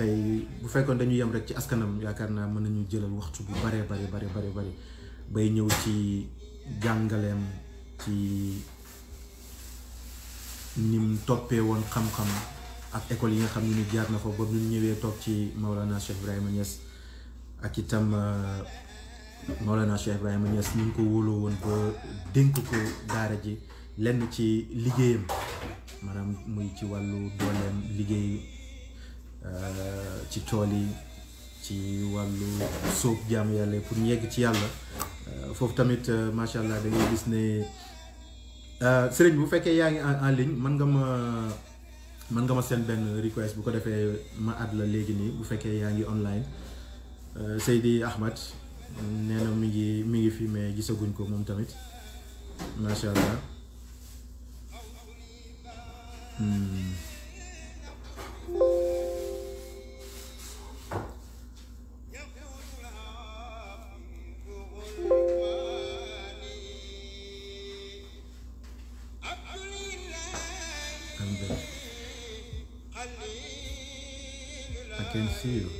tay bu fekkon dañu yam rek ci askanam yaakaar naa mën nañu jëlal waxtu bu bare bare bare bare bare bay ñew ci jangalem ci nim topé won xam-xam ak école yi nga xam ne ni jaar na fa ba ñu ñëwee tok ci Maulana Cheikh Ibrahima Niass ak itam euh, Maulana Cheikh Ibrahima Niass ñu ko wolo won ba denk ko daara ji lenn ci liggéeyam manam muy ci walu dolem liggéey Euh, ci tool yi ci wàllu sóob jaamu yàlla pour ñu yegg ci yàlla euh, foofu tamit euh, macha allah da gis ne sëriñ bu fekkee yaa ngi en ligne man nga ma mën nga ma seen benn request bu ko defee ma àdd la léegi nii bu fekkee yaa ngi online Seydi Ahmad nee na mi ngi mi ngi fi mais gisaguñ ko moom tamit macha allah. Hmm. you.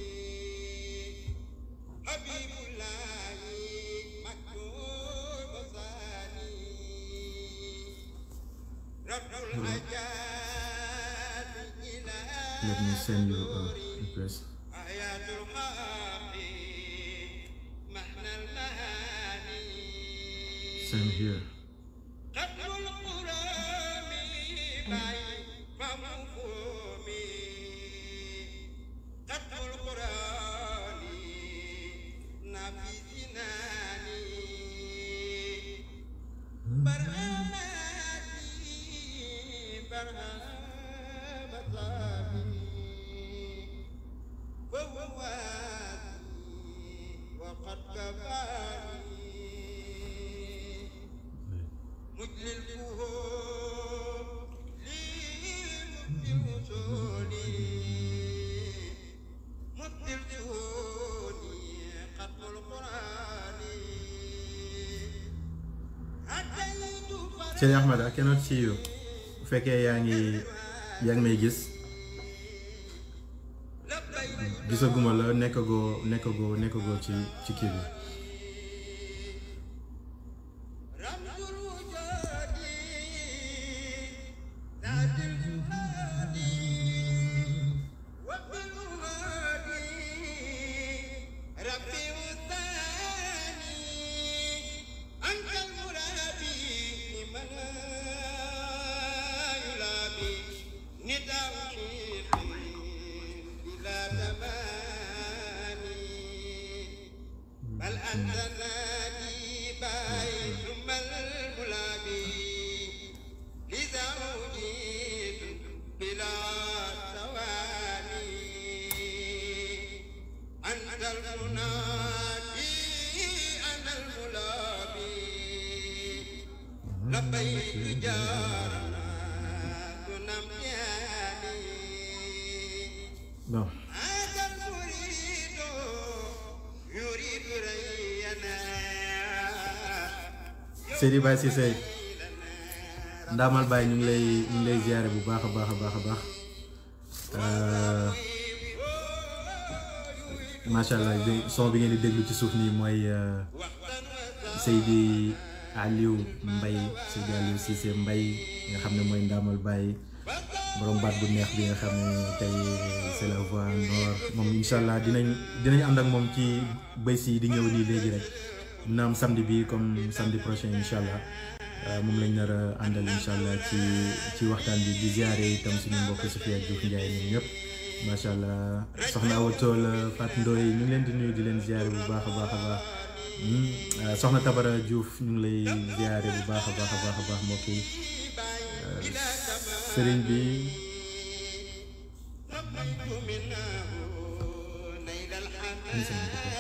Sëriñ Ahmed, I cannot see bu fekkee yaa ngi yaa ngi may gis gisaguma la nekkagoo nekkagoo nekkagoo ci ci kii bi Seydi Baye Cissé Ndamal bay ñu ngi lay ñu ngi lay ziaré bu baaxa baaxa baaxa baax euh ma sha allah son bi ngeen di déglu ci suuf nii mooy euh, Seydi Aliou Mbay Seydi Aliou Cissé Mbay nga xam moy Ndamal bay borom baat bu neex bi nga xam tay c'est la voix nord mom inshallah dinañ dinañ and ak mom ci bés yi di ñëw ni légui rek nam samedi bi comme samedi prochain inshallah eh, mom lañ nar a àndal incha ci ci waxtan bi di ziaré tam suñu mbokk Sofia djouf ndjay ñun ñep machallah soxna Awa Tool eh, Fat Ndoy ñu leen di nuyu di leen ziaré bu baaxa baaxa baax hmm? eh, soxna Tabara djouf ñu ngi lay ziaré bu baaxa baaxa baaxa baax a baax mbokk yi sëriñ bi Thank you.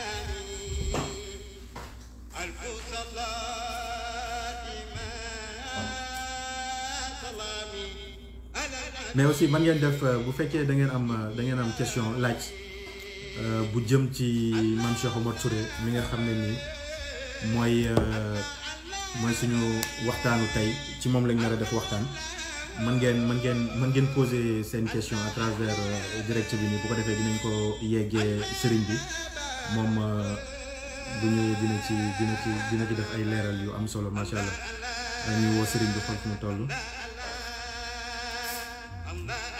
mais aussi man ngeen def euh, bu fekkee da ngeen am euh, da am question laaj euh, bu jëm ci man Cheikh Omar mi nga xam ne nii mooy mooy suñu waxtaanu tey ci moom lañ nar a def waxtaan mën ngeen mën ngeen mën ngeen poser seen question à travers direct bi nii bu ko defee dinañ ko yeggee sëriñ bi moom bu ñëwee dina ci dina ci dina ci def ay leeral yu am solo macha allah ñu woo sëriñ bi xool fi mu toll. and that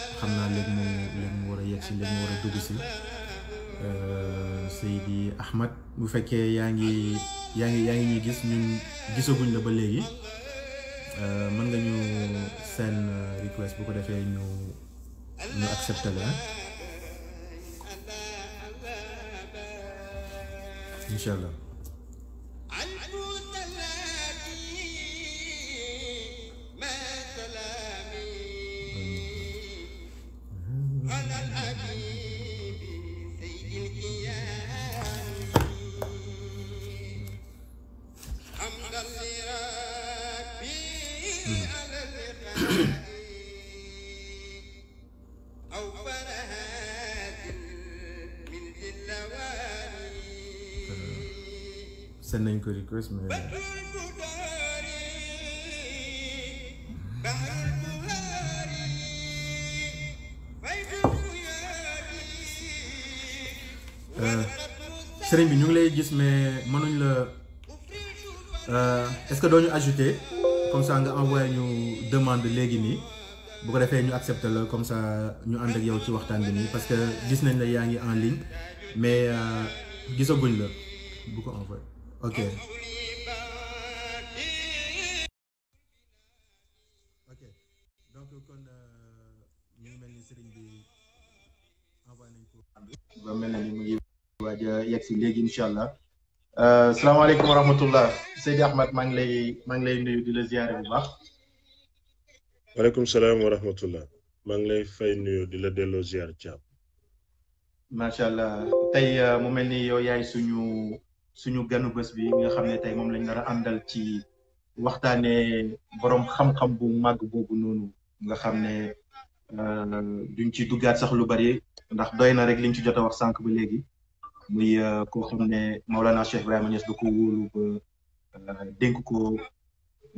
xam naa léegi mu léegi mu war a yegg si léegi mu war a dugg si euh, Seydi Ahmad bu fekkee yaa ngi yaa ngi yaa ngi ngi gis ñun gisaguñ la ba léegi euh, mën nga ñu seen euh, request bu ko defee ñu ñu accepté la request, euh, mais... Euh, est-ce que doo ajouté, comme ça nga envoyé demande les ni. bu ko ñu accepte-le, comme ça nous ak yow ci parce que gis nañ la en ligne mais euh, gisaguñ la Oke. Oke. ok donc kon mi ngi mel ni sëriñ bi envoyé nañ ko. ba ya, mel na ni mu ngi waaj a yegg si léegi incha allah. salaamaaleykum wa rahmatullah Seydi Ahmad maa ngi lay maa ngi lay nuyu di la ziare bu baax. waaleykum salaam wa rahmatullah maa ngi lay fay nuyu di la delloo ziar Thiam. macha allah tey mu mel ni yow yaay suñu suñu gannu bés bi nga xam tay mom lañ dara andal ci waxtane borom xam-xam bu màgg boobu nonu nga xam euh duñ ci duggaat sax lu bari ndax doyna rek liñ ci jotta wax sank ba léegi muy euh, ko xam Maulana Cheikh ibrahim Niass du ko wolu ba euh, denk ko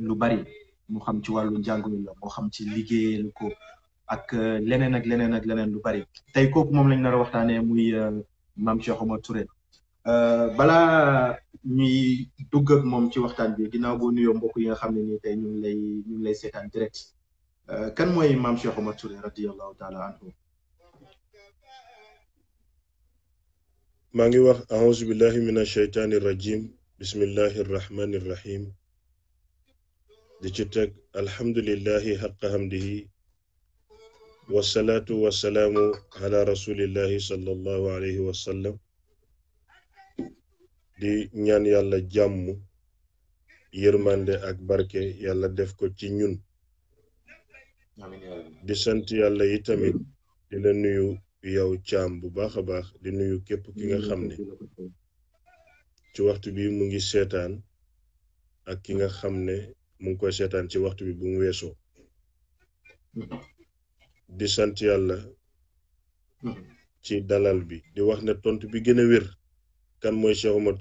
lu bari mu xam ci walu jangul la mo xam ci liggéeyal ko ak euh, leneen ak leneen ak leneen lu bari tay kooku mom lañ nar waxtane muy mam Cheikh Omar Touré balaa ñuy dugg ak moom ci waxtaan bi ginnaaw boo nuyoo mbokk yi nga xam ne nii tey ñu ngi lay ñu ngi lay seetaan direct kan mooy maam Cheikh Omar Touré radiyallahu taala anhu maa ngi wax a'uzu billahi min ashaytani rajim bismillahi arrahmani arrahim di ci teg alhamdulillahi xaqa hamdihi wasalaatu wasalaamu ala rasulillahi sallallahu alayhi wa sallam di ñaan yalla jamm yermande ak barke yalla def ko ci ñun ya di sant yalla yi tamit di la nuyu yow cham bu baaxa baax di nuyu képp ki nga xam ci waxtu bi mu ngi setan ak ki nga xam mu ngi koy ci waxtu bi bu mu weesoo di sant yalla mm-hmm. ci dalal bi di wax ne tontu bi gëna wër kan mooy Cheikh Omar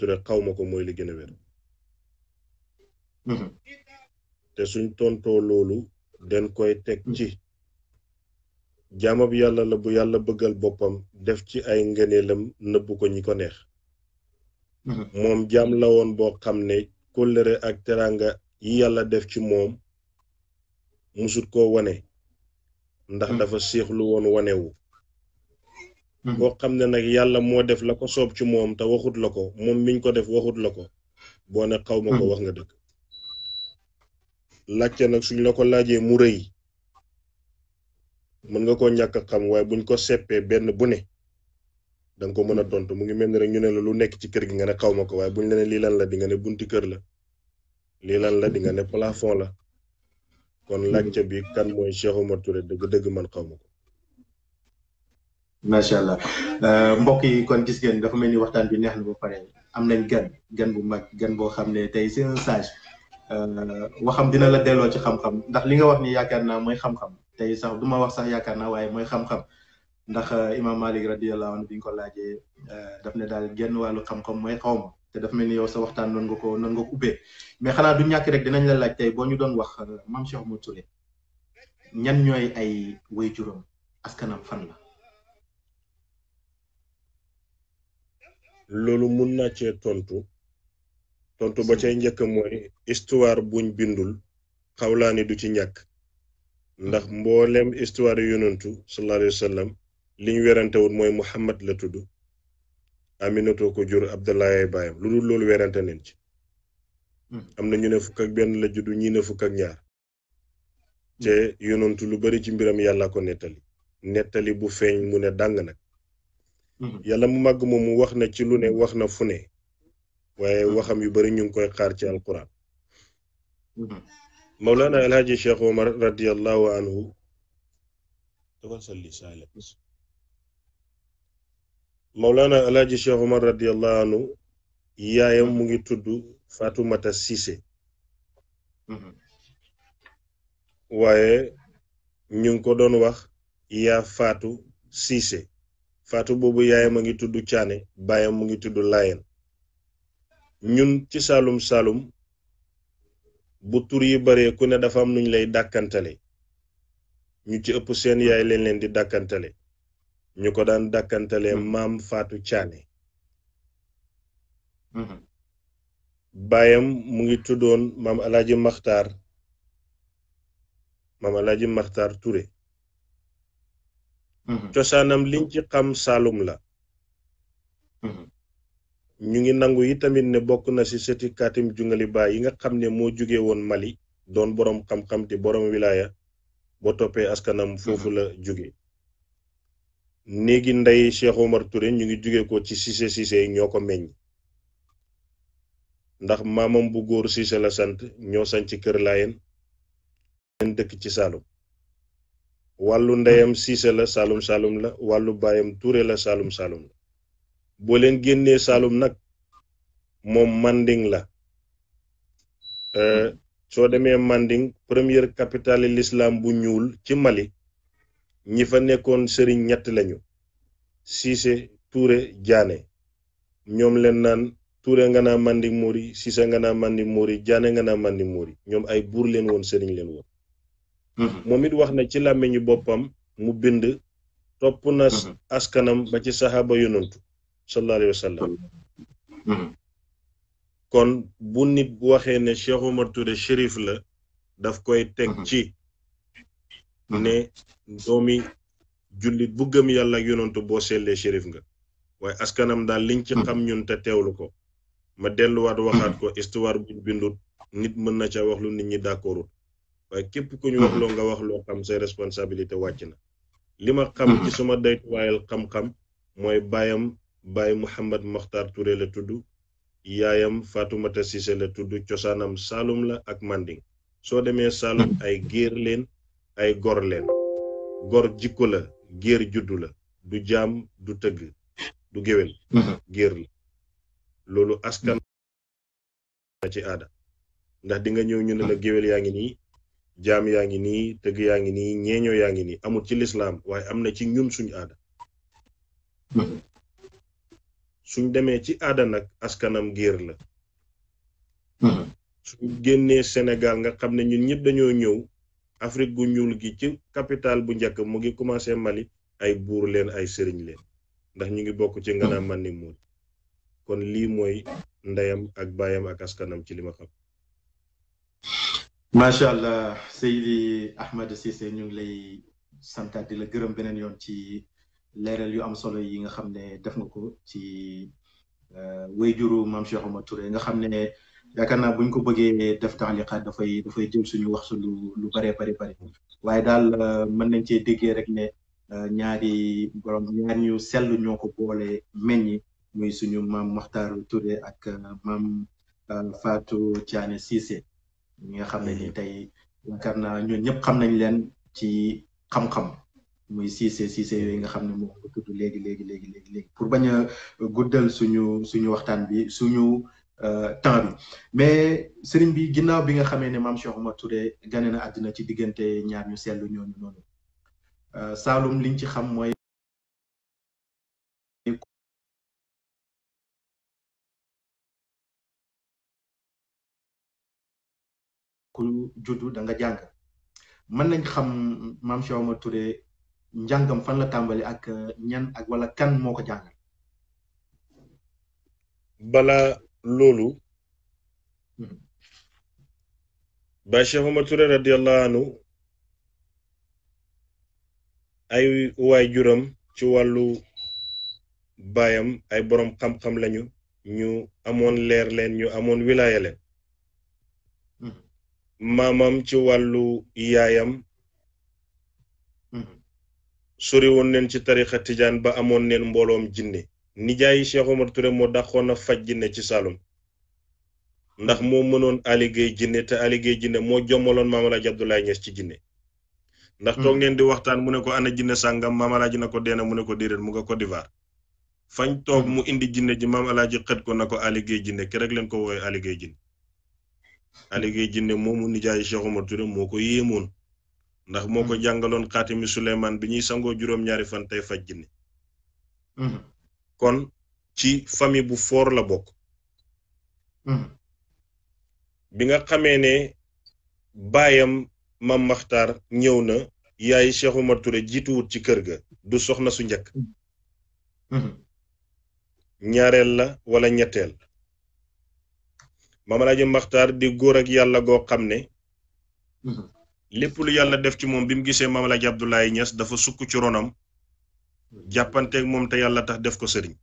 ko mooy li gën a wér mhm. te suñ tontoo loolu den koy teg mhm. ci jaamab yàlla la bu yàlla bëggal boppam def ci ay ngëneelam nëbbu ko ñi ko neex mhm. moom jaam la woon boo xam ne kóllëre ak teraanga yi yàlla def ci moom musut koo wane ndax dafa siixlu woon wanewu Hmm. bo xamne nak yalla mo def la ko soob ci mom ta waxut lako mom miñ ko def waxut lako bo boo ne xaw ko hmm. wax nga deug laccé nak suñ lako ko mu reuy mën nga ko ñàkk xam way buñ ko séppé ben bu ne dang ko mëna tontu mu ngi melni rek ñu ne la lu nekk ci kër gi nga ne xawma ko way buñ la ne li lan la di nga ne bunti kër la li lan la di nga ne plafond la kon hmm. laccé bi kan moy Cheikh Omar Touré deug deug man xawma ko macha allah euh, mbokk yi kon gis ngeen dafa mel ni waxtaan bi neex na ba pare am nañ gan gan bu mag gan boo xam ne tey c'est un sage euh, waxam dina la delloo ci xam-xam ndax li nga wax ni yaakaar naa mooy xam tey sax du ma wax sax yaakaar naa waaye mooy xam-xam ndax euh, imam malik radiyallahu anhu bi nga ko laajee daf ne daal genn wàllu xam-xam mooy xaw ma te daf mel ni yow sa waxtaan noonu nga ko noonu nga ko mais xanaa du ñàkk rek dinañ la laaj tey boo ñu doon wax mam Cheikh Oumar Touré ñan ñooy ay way juróom askanam fan la loolu mun na cee tontu tontu ba cay njëkk mooy histoire buñ bindul ni du ci ñàkk ndax mboolem istuwaar yu yonantu sallallahu alayhi wa sallam werante woon mooy Muhammad la tudd Aminata ko jur Abdallah ay baayam lu dul loolu werante neen ci. Hmm. am na ñu ne fukk ak benn la juddu ñii ne fukk ak ñaar. te hmm. yonantu lu bari ci mbiram yàlla ko nettali. nettali bu feeñ mu ne dàng nag. Mhm. yàlla mu mag moomu wax na ci lu ne mhm. wax na fu ne waaye mhm. waxam yu bari ñu ngi koy xaar ci alquran mawlana alhaji cheikh omar radiallahu anhu dafal salli saalim mawlana alhaji cheikh omar radiallahu anhu yaayam mu ngi tudd fatumata sise waaye ñu ngi ko doon wax yaa faatu sise faatu boobu yaayam a ngi tudd caane baayam mu ngi tudd laayeen ñun ci saalum saalum bu tur yi baree ku ne dafa am nuñ lay dàkkantale ñu ci ëpp seen yaay leen leen di dàkkantale ñu ko daan dàkkantale hmm. maam faatu caane hmm. baayam mu ngi tuddoon maam alaaji maxtaar maam alaaji maxtaar ture Mhm. cosaanam liñ ci xam Saalum la mhm. ñu ngi nangu yi tamit ne bokk na ci sëti Kaatim Jungali Ba yi nga xam ne moo jóge woon Mali doon boroom xam-xam te boroom wilaaya boo toppee askanam mhm. foofu la jóge néegi ndey Cheikh Omar Touré ñu ngi jóge ko ci Cissé Cissé ñoo ko meññ ndax maamam bu góor Cissé la sant ñoo sañ ci kër layen leen dëkk ci Saalum walu ndeyam sise la salum salum la walu bayam ture la salum salum. la bo len genné salum nak mom manding la euh, so démé manding Premier capitale l'islam bu ñuul ci mali ñi fa nekkoon serigne ñett lañu sise touré jaane ñom len nan touré nga na manding muri. Sise nga na manding muri. Janengana nga na manding muri. ñom ay bour len won serigne len won Mm-hmm. moom it wax na ci làmmiñu boppam mu bind topp na mm-hmm. askanam ba ci saxaaba yonantu sallallahu alayhi mm-hmm. kon bu nit waxee ne Cheikh Omar Touré shérif la daf koy teg ci ne doomi jullit bu gëm yàlla ak boo seetlee shérif nga waaye askanam daal liñ ci xam ñun te teewlu ko ma delluwaat waxaat ko histoire buñ bindut nit mën na ca wax lu nit ñi d'accordut waaye képp ku ñu wax loo nga wax loo xam say responsabilité wàcc na li ma xam ci mhm. suma daytuwaayal xam-xam mooy baayam baay Mouhammad Makhtar Touré la tudd yaayam Fatoumata Cissé la tudd cosaanam Saalum la ak Manding soo demee Saalum mhm. ay géer leen ay gor leen gor jikko la géer juddu la du jaam du tëgg du géwél mhm. géer la loolu askan ci aada ndax dinga ñëw ñu ne la géwél yaa ngi nii jaam yaa ngi nii tëgg yaa ngi nii ñeeñoo yaa ngi nii amul ci lislaam waaye am na ci ñun suñu aada suñ demee ci aada nag askanam géer la suñ génnee Sénégal nga xam ne ñun ñëpp dañoo ñëw Afrique gu ñuul gi ci capital bu njëkk mu ngi commencé Mali ay buur leen ay sëriñ leen ndax ñu ngi bokk ci ngana man ni muur kon lii mooy ndeyam ak baayam ak askanam ci li xam macha allah Seydi Ahmed Cissé ñu ngi lay santaat di la gërëm beneen yoon ci leeral yu am solo yi nga xam ne def nga ko ci euh, wéyjuru maam Cheikh Omar Touré nga xam ne yaakaar naa buñ ko bëggee def taxliqaat dafay dafay jël suñu wax su lu lu bare bari bari waaye daal euh, mën nañ cee déggee rek ne euh, ñaari borom ñaar ñu sell ñoo ko boole meññi muy suñu maam Maxtaar Touré ak maam Fatou Thiané Cissé. ñi nga xam ne ni eh. tey yaakaar naa ñoo ñëpp xam nañ leen ci xam-xam muy siise siise yooyu nga xam ne moom nga tudd léegi léegi léegi léegi léegi pour bañ a guddal suñu suñu waxtaan bi suñu euh, temps bi mais sëriñ bi ginnaaw bi nga xamee ne maam Cheikh Oumar Touré gane na àddina ci diggante ñaar ñu seetlu ñooñu noonu euh, Saalum liñ ci xam mooy ku juddu da jàng man nañ xam maam Cheikh Omar Touré njàngam fan la tàmbali ak euh, ñan ak wala kan moo ko jàngal. bala loolu. Mhm. ba Cheikh Omar Touré radiyallahu anhu ay waajuram ci wàllu baayam ay boroom xam-xam lañu ñu amoon leer leen ñu amoon wilaaya leen maamam ci wàllu yaayam mhm. sori woon neen ci tarixa tijaan ba amoon neen mbooloom jinne nijaayi Cheikh Omar Touré moo dàqoon a faj jinne ci Saalum ndax moo mënoon alligéey jinne te alligéey jinne moo jommaloon maamalaaji Abdoulaye Niass ci jinne ndax toog mhm. neen di waxtaan mu ne ko ana jinne sàngam maamalaaji na ko deena mu ne ko déedéet mu nga Côte d'Ivoire fañ toog mhm. mu indi jinne ji maamalaaji xët ko na ko alligéey jinne ke rek leen ko woowee alligéey jinne Aly Gueye Djiné moomu nijaay Cheikh moo ko yéemoon ndax moo ko hmm. jàngaloon xaatimi Souleymane bi ñuy sangoo juróom-ñaari fan tey faj jinne hmm. kon ci famille bu foor la bokk hmm. bi nga xamee ne baayam ma maxtaar ñëw na yaay Cheikh Omar Touré jiituwut ci kër ga du soxna su njëkk ñaareel la wala ñetteel mamalaaji maxtaar di góor ak yalla go xamne mhm. lepp lu yalla def ci mom bimu gisee mama mamalaaji abdoulaye ñas dafa sukk ci ronam mhm. ak mom te yalla tax def ko serigne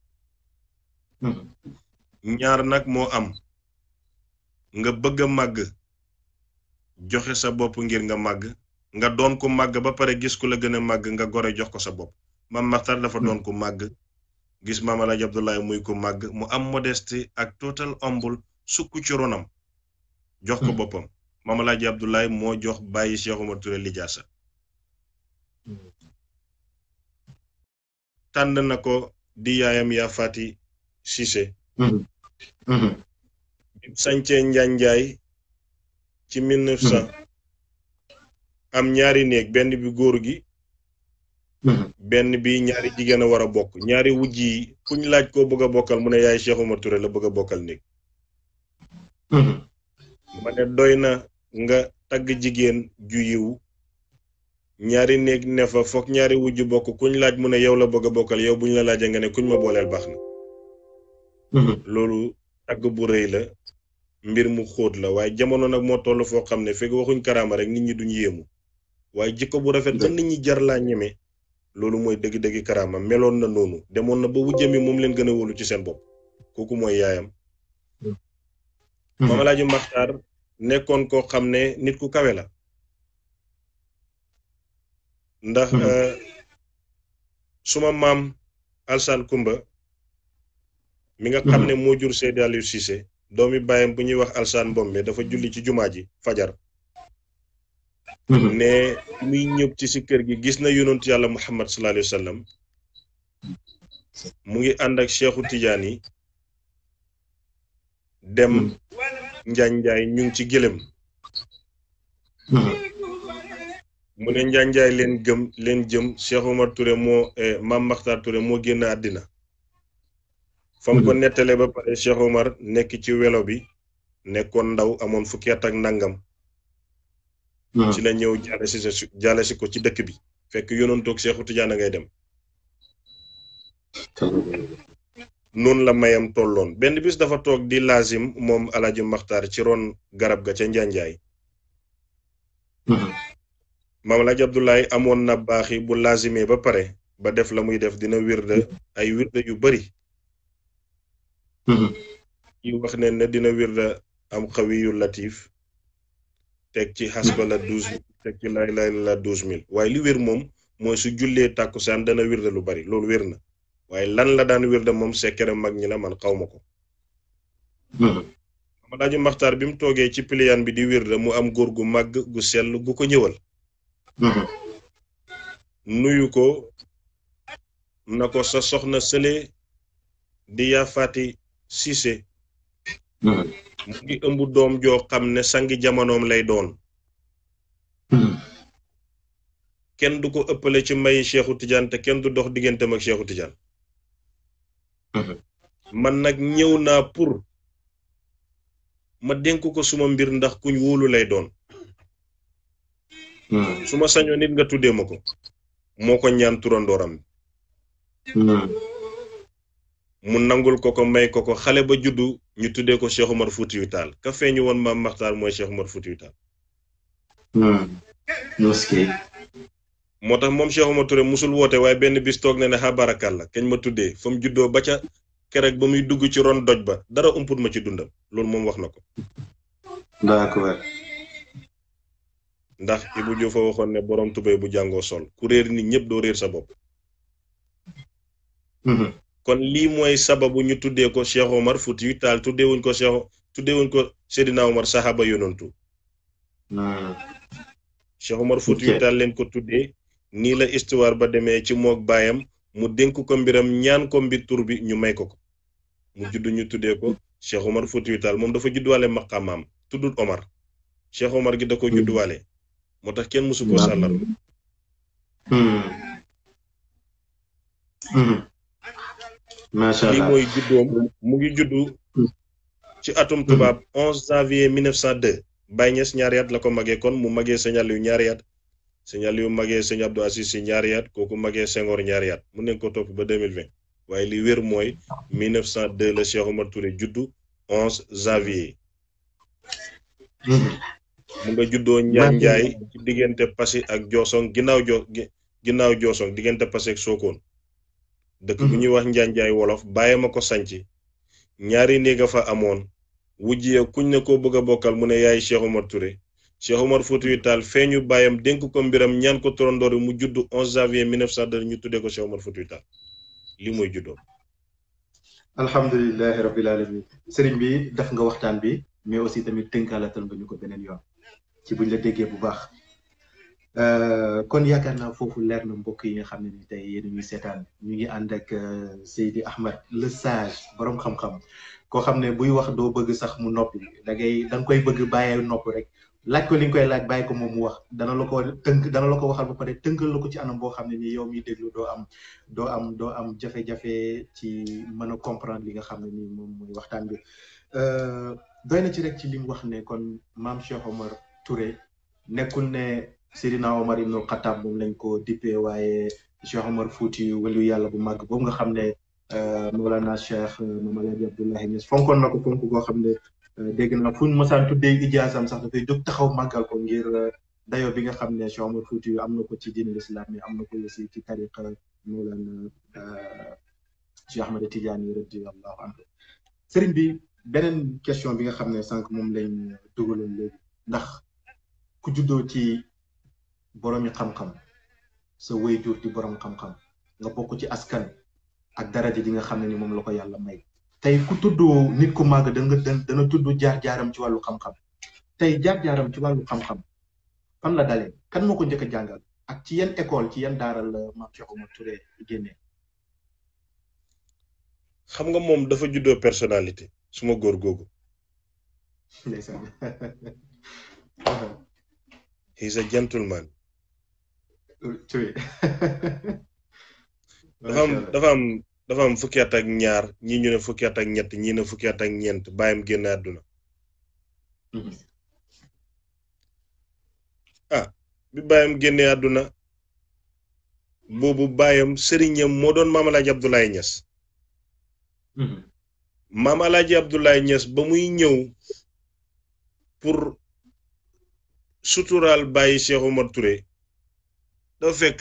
mhm. ñaar nak mo am nga bëgg mag joxe sa bop ngir nga mag nga doon ko mag ba pare gis ku la gëna mag nga gore jox ko sa bop mam maxtaar dafa doon ko mag gis maam alaaji abdoulaye muy ko mag mu am modeste ak total humble sukku ci ronam jox ko hmm. bopam mama laji abdoulaye mo jox baye cheikh omar touré lijaasa hmm. tànn nako di yayam ya fati sise hmm. sañcee jay ci 1900 am ñaari neek benn bi góor gi benn bi ñaari jigéen a war a bokk ñaari wujji kuñ laaj koo bëgg a bokkal mu ne yaay Cheikh Omar Touré la bëgg a bokkal Mm-hmm. ma ne doy na nga tagg jigéen ju yiw ñaari néeg ne fa foog ñaari wujju bokk kuñ laaj mu ne yow la bëgg a bokkal yow buñ la laajee nga ne kuñ ma booleel baax na mm-hmm. loolu tagg bu rëy la mbir mu xóot la waaye jamono nag moo toll foo xam ne feeg waxuñ karaama rek nit ñi duñ yéemu waaye jikko bu rafet ba nit ñi jar laa ñeme loolu mooy dëgg-dëgg karaama meloon na noonu demoon na ba wujjam yi moom leen gën a wóolu ci seen bopp kooku mooy yaayam Mhm. Maam Alaaji maktar, nekkon ko xamne ne nit ku kawé la ndax mhm. euh, suma mam alsan Kumba mi nga xamne mhm. ne jur sey dalu Cissé domi bayam bu ñuy wax alsan Mbombe dafa julli ci fajar ne mi ñëpp ci ci kër gi gis na yalla Muhammad sallallahu alayhi wasallam sallam mu ngi ànd ak dem njanjaay ñu ngi ci gëlëm hmm. mu ne njanjaay leen gëm leen jëm Cheikh Omar Touré moo eh, Mame Makhtar Touré moo génn àddina fam ko hmm. nettalee ba pare Cheikh nekk ci welo bi nekkoon ndaw amoon fukki at ak nangam hmm. ci la ñëw jaale si sa jaale si ko ci dëkk bi fekk yonoon toog Seexu Tijaan a ngay dem noonu la mayam tolloon benn bis dafa toog di laazim moom alaji maxtaar ci ron garab ga ca njanjaay maam alaji abdoulaye amoon na baaxi bu laazimee ba pare ba def la muy def dina wirda ay wirda yu bari yi wax ne ne dina wirda am xawiyu latif teg ci xasba la douze mille teg ci lay lay la douze mille waaye li wir moom mooy su jullee tàkkusaan dana wirda lu bari loolu wér na waye lan la daan wirda mom sekere mag ñi la man xawmako ko daaju hmm. Maxtaar bim toge ci pliyan bi di wirda mu am gor gu mag gu sel gu ko ñewal hmm. nuyu ko nako sa soxna sele di fati Cissé hmm. mu ngi ëmb doom joo xam sangi jamonoom lay doon kenn du ko ëppale ci mayi cheikhou Tidiane te kenn du dox digganteem mag cheikhou Tidiane Mhm. man nak ñëw naa pour ma denk ko suma mbir ndax kuñ wolu lay doon mhm. suma sañu nit nga tuddé mako moko moo ko ñaan turandooram mhm. mu nangul ko ko may ko ko xalé ba juddu ñu tuddé ko Cheikh Omar fouti ka feñu won ma moy Cheikh Omar moo tax moom Cheikh Oumar Touré musul woote waaye benn bis toog na ne xabarakàlla keñ ma tuddee fa mu juddoo ba ca keroog ba muy dugg ci ron doj ba dara umput ma ci dundam loolu moom wax na ko. d'accord. ndax Ibou Diouf a waxoon ne borom tubéy bu jàngoo sol ku réer nit ñëpp doo réer sa bopp. Mhm. kon lii mooy sababu ñu tuddee ko Cheikh Omar Foutiyou taal tuddee wuñ ko Cheikh tuddee wuñ ko Seydina Omar saxaaba yonantu. Mhm. Cheikh Omar Foutiyou Tall leen ko tuddee. ni la histoire ba demee ci mok bayam mu denk ko mbiram ñaan ko mbi tour bi ñu may ko ko mu judd ñu tuddé ko Cheikh Omar fouti tal, mom dafa walé maqamam tuddul Omar Cheikh Omar gi da ko hmm. juddwaale walé motax kenn musu ko ma sha allah moy mooy mu ngi juddu hmm. ci atum tubab 11 hmm. janvier 1902 Baye Niass ñaari la ko magé kon mu magé señal yu ñaar yat sëñ yu magee sëñ Abdou Aziz si kooku magee Senghor ñaari at mun nañ ko topp ba 2020 waaye li wér mooy 1902 la Cheikh Omar Touré juddu 11 janvier. Mm-hmm. mu nga juddoo Njaañ Njaay diggante Passy ak Joosong ginnaaw ginnaaw Joosong diggante Passy ak Sokone dëkk bu mm-hmm. wax Njaañ wolof bàyyi ma ko sanc ñaari néeg a fa amoon yee kuñ ne ko bëgg bokkal mu ne yaay Cheikh Omar Cheikh Omar Foutiyou Tall feñu bayam denk ko mbiram ñan ko torondoor mu judd 11 janvier 1902 ñu tuddé ko Cheikh Omar Foutiyou Tall li moy juddo alhamdulilah rabbil alamin serigne bi daf nga waxtan bi mais aussi tamit tënkaalatal nga ñu ko beneen yoon ci buñ la déggé bu baax. euh kon yaakaar naa foofu leer na mbokk yi nga xam ni tay yeen ñu sétane ñu ngi and ak euh, Seydi Ahmad le sage borom xam-xam ko xam buy wax do bëgg sax mu noppi da ngay da koy bëgg bàyyee nopp rek laaj ko li nga koy laaj bàyyi ko moom mu wax dana la ko tënk dana la ko waxal ba pare tënkal la ko ci anam boo xam ne nii yow miy déglu doo am doo am doo am jafe-jafe ci mën a comprendre li nga xam ne nii moom mooy waxtaan bi euh, doy na ci rek ci li mu wax ne kon maam Cheikh Omar Touré nekkul ne Seydina Omar Ibnul Xattaab moom lañ ko dippee waaye Cheikh Omar Fouti yàlla bu màgg boobu nga xam ne euh, Mawlana Cheikh euh, Mamadou Abdoulaye Niass fonkoon na ko fonk goo xam ne. Euh, dégg naa fu ñu mosaan tuddee ijaasam sax dafay jóg taxaw màggal ko ngir euh, dayo bi nga xam ne Cheikh Omar Fouti am na ko ci diine l'islam mi am na ko aussi ci tariqa Mawlana euh, Cheikh Ahmed Tidiane radiyallahu anhu sëriñ bi beneen question bi nga xam ne sànq moom lañ dugaloon léegi ndax ku juddoo ci boroomi xam-xam sa wéy jur di borom xam-xam nga bokk ci askan ak daraja ji nga xam ne ni moom la ko yàlla may tay ku tudd nit ku mag da nga dana tudd jaar-jaaram ci walu xam-xam tay jaar-jaaram ci walu xam-xam fan la dalé kan moko jëk jangal ak ci yeen école ci yeen daara la ma xexu Oumar Touré génné xam nga mom dafa juddo personnalité suma gor gogo he's a gentleman. dafa am dafa am. dafa am fukki ak ñaar ñi ñu ne fukki at ak ñett ñi ne fukki at ak ñeent bàyyam génn àdduna mhm. ah bi bàyyam génnee àdduna boobu bàyyam sëriñam moo doon maam alaaji Abdoulaye Niass mhm. maam alaaji Abdoulaye ba muy ñëw pour suturaal bàyyi Cheikh Omar Touré dafa fekk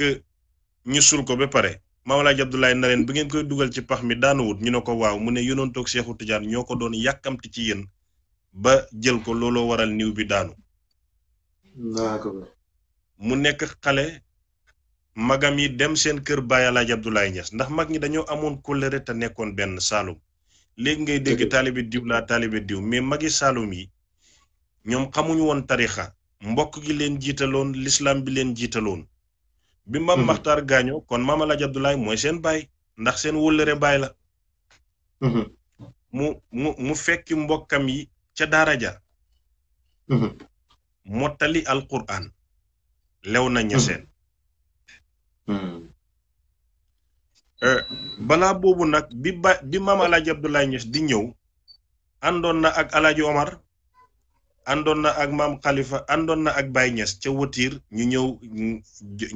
ñu sul ko ba pare Mawlaaj Abdoulaye na leen bingin ngeen koy dugal ci pax mi daanuwut ñu ne ko waaw mu ne yonoon toog ñoo ko doon yàkkamti ba jël ko looloo waral niw bi daanu. mu nekk xale magam yi dem seen kër Baay Alaaji Abdoulaye Niass ndax mag ñi dañoo amoon kóllëre te nekkoon benn Saalum léegi ngay dégg taalibe diw laa taalibe diw mais magi Saalum yi ñoom xamuñu woon tarixa mbokk gi leen jiitaloon bi leen jiitaloon bi mam mhm. ganyo, gaño kon mama la abdoulaye moy sen bay ndax sen bay la mu mu mu fekki mbokam yi ca dara ja mhm. mottali alquran lew na ñaseen mhm. eh, balaa boobu nag bi ba bi mama la abdoulaye ñu di ñew andon na ak alaji omar àndoon na ak maam Khalifa àndoon na ak Baye ca Wotir ñu ñëw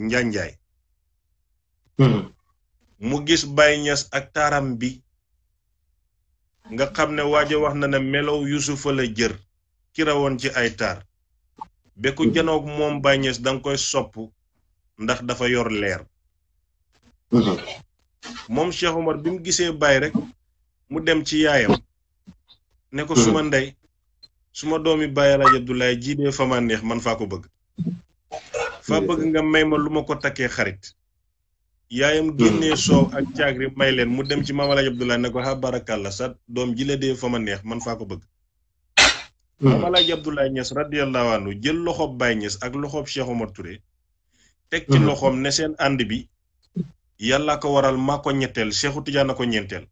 Njanjaay hmm. mu gis Baye ak taaram bi nga xam ne waaja wax na ne melow Yusufa la jër ki rawoon ci ay taar bekku ku hmm. janoog moom Baye Niass koy sopp ndax dafa yor leer hmm. moom Cheikh Omar bi gisee Baye rek mu dem ci yaayam ne ko suma ndey suma doomi Baye El Hadj Abdoulaye jii dee fa ma neex man faa ko bëgg. faa bëgg nga may ma lu ma ko takkee xarit. yaayam génnee soow ak caagri may leen mu dem ci maam El Hadj Abdoulaye ne ko doom ji la neex man faa ko bëgg. Hmm. maam El Hadj Abdoulaye Niass radiyallahu anhu jël loxoob Baye ak loxoob Cheikh Omar Touré. teg ci hmm. ànd bi. yàlla ko waral maa ko ñetteel Cheikhu Tidiane na ko ñeenteel.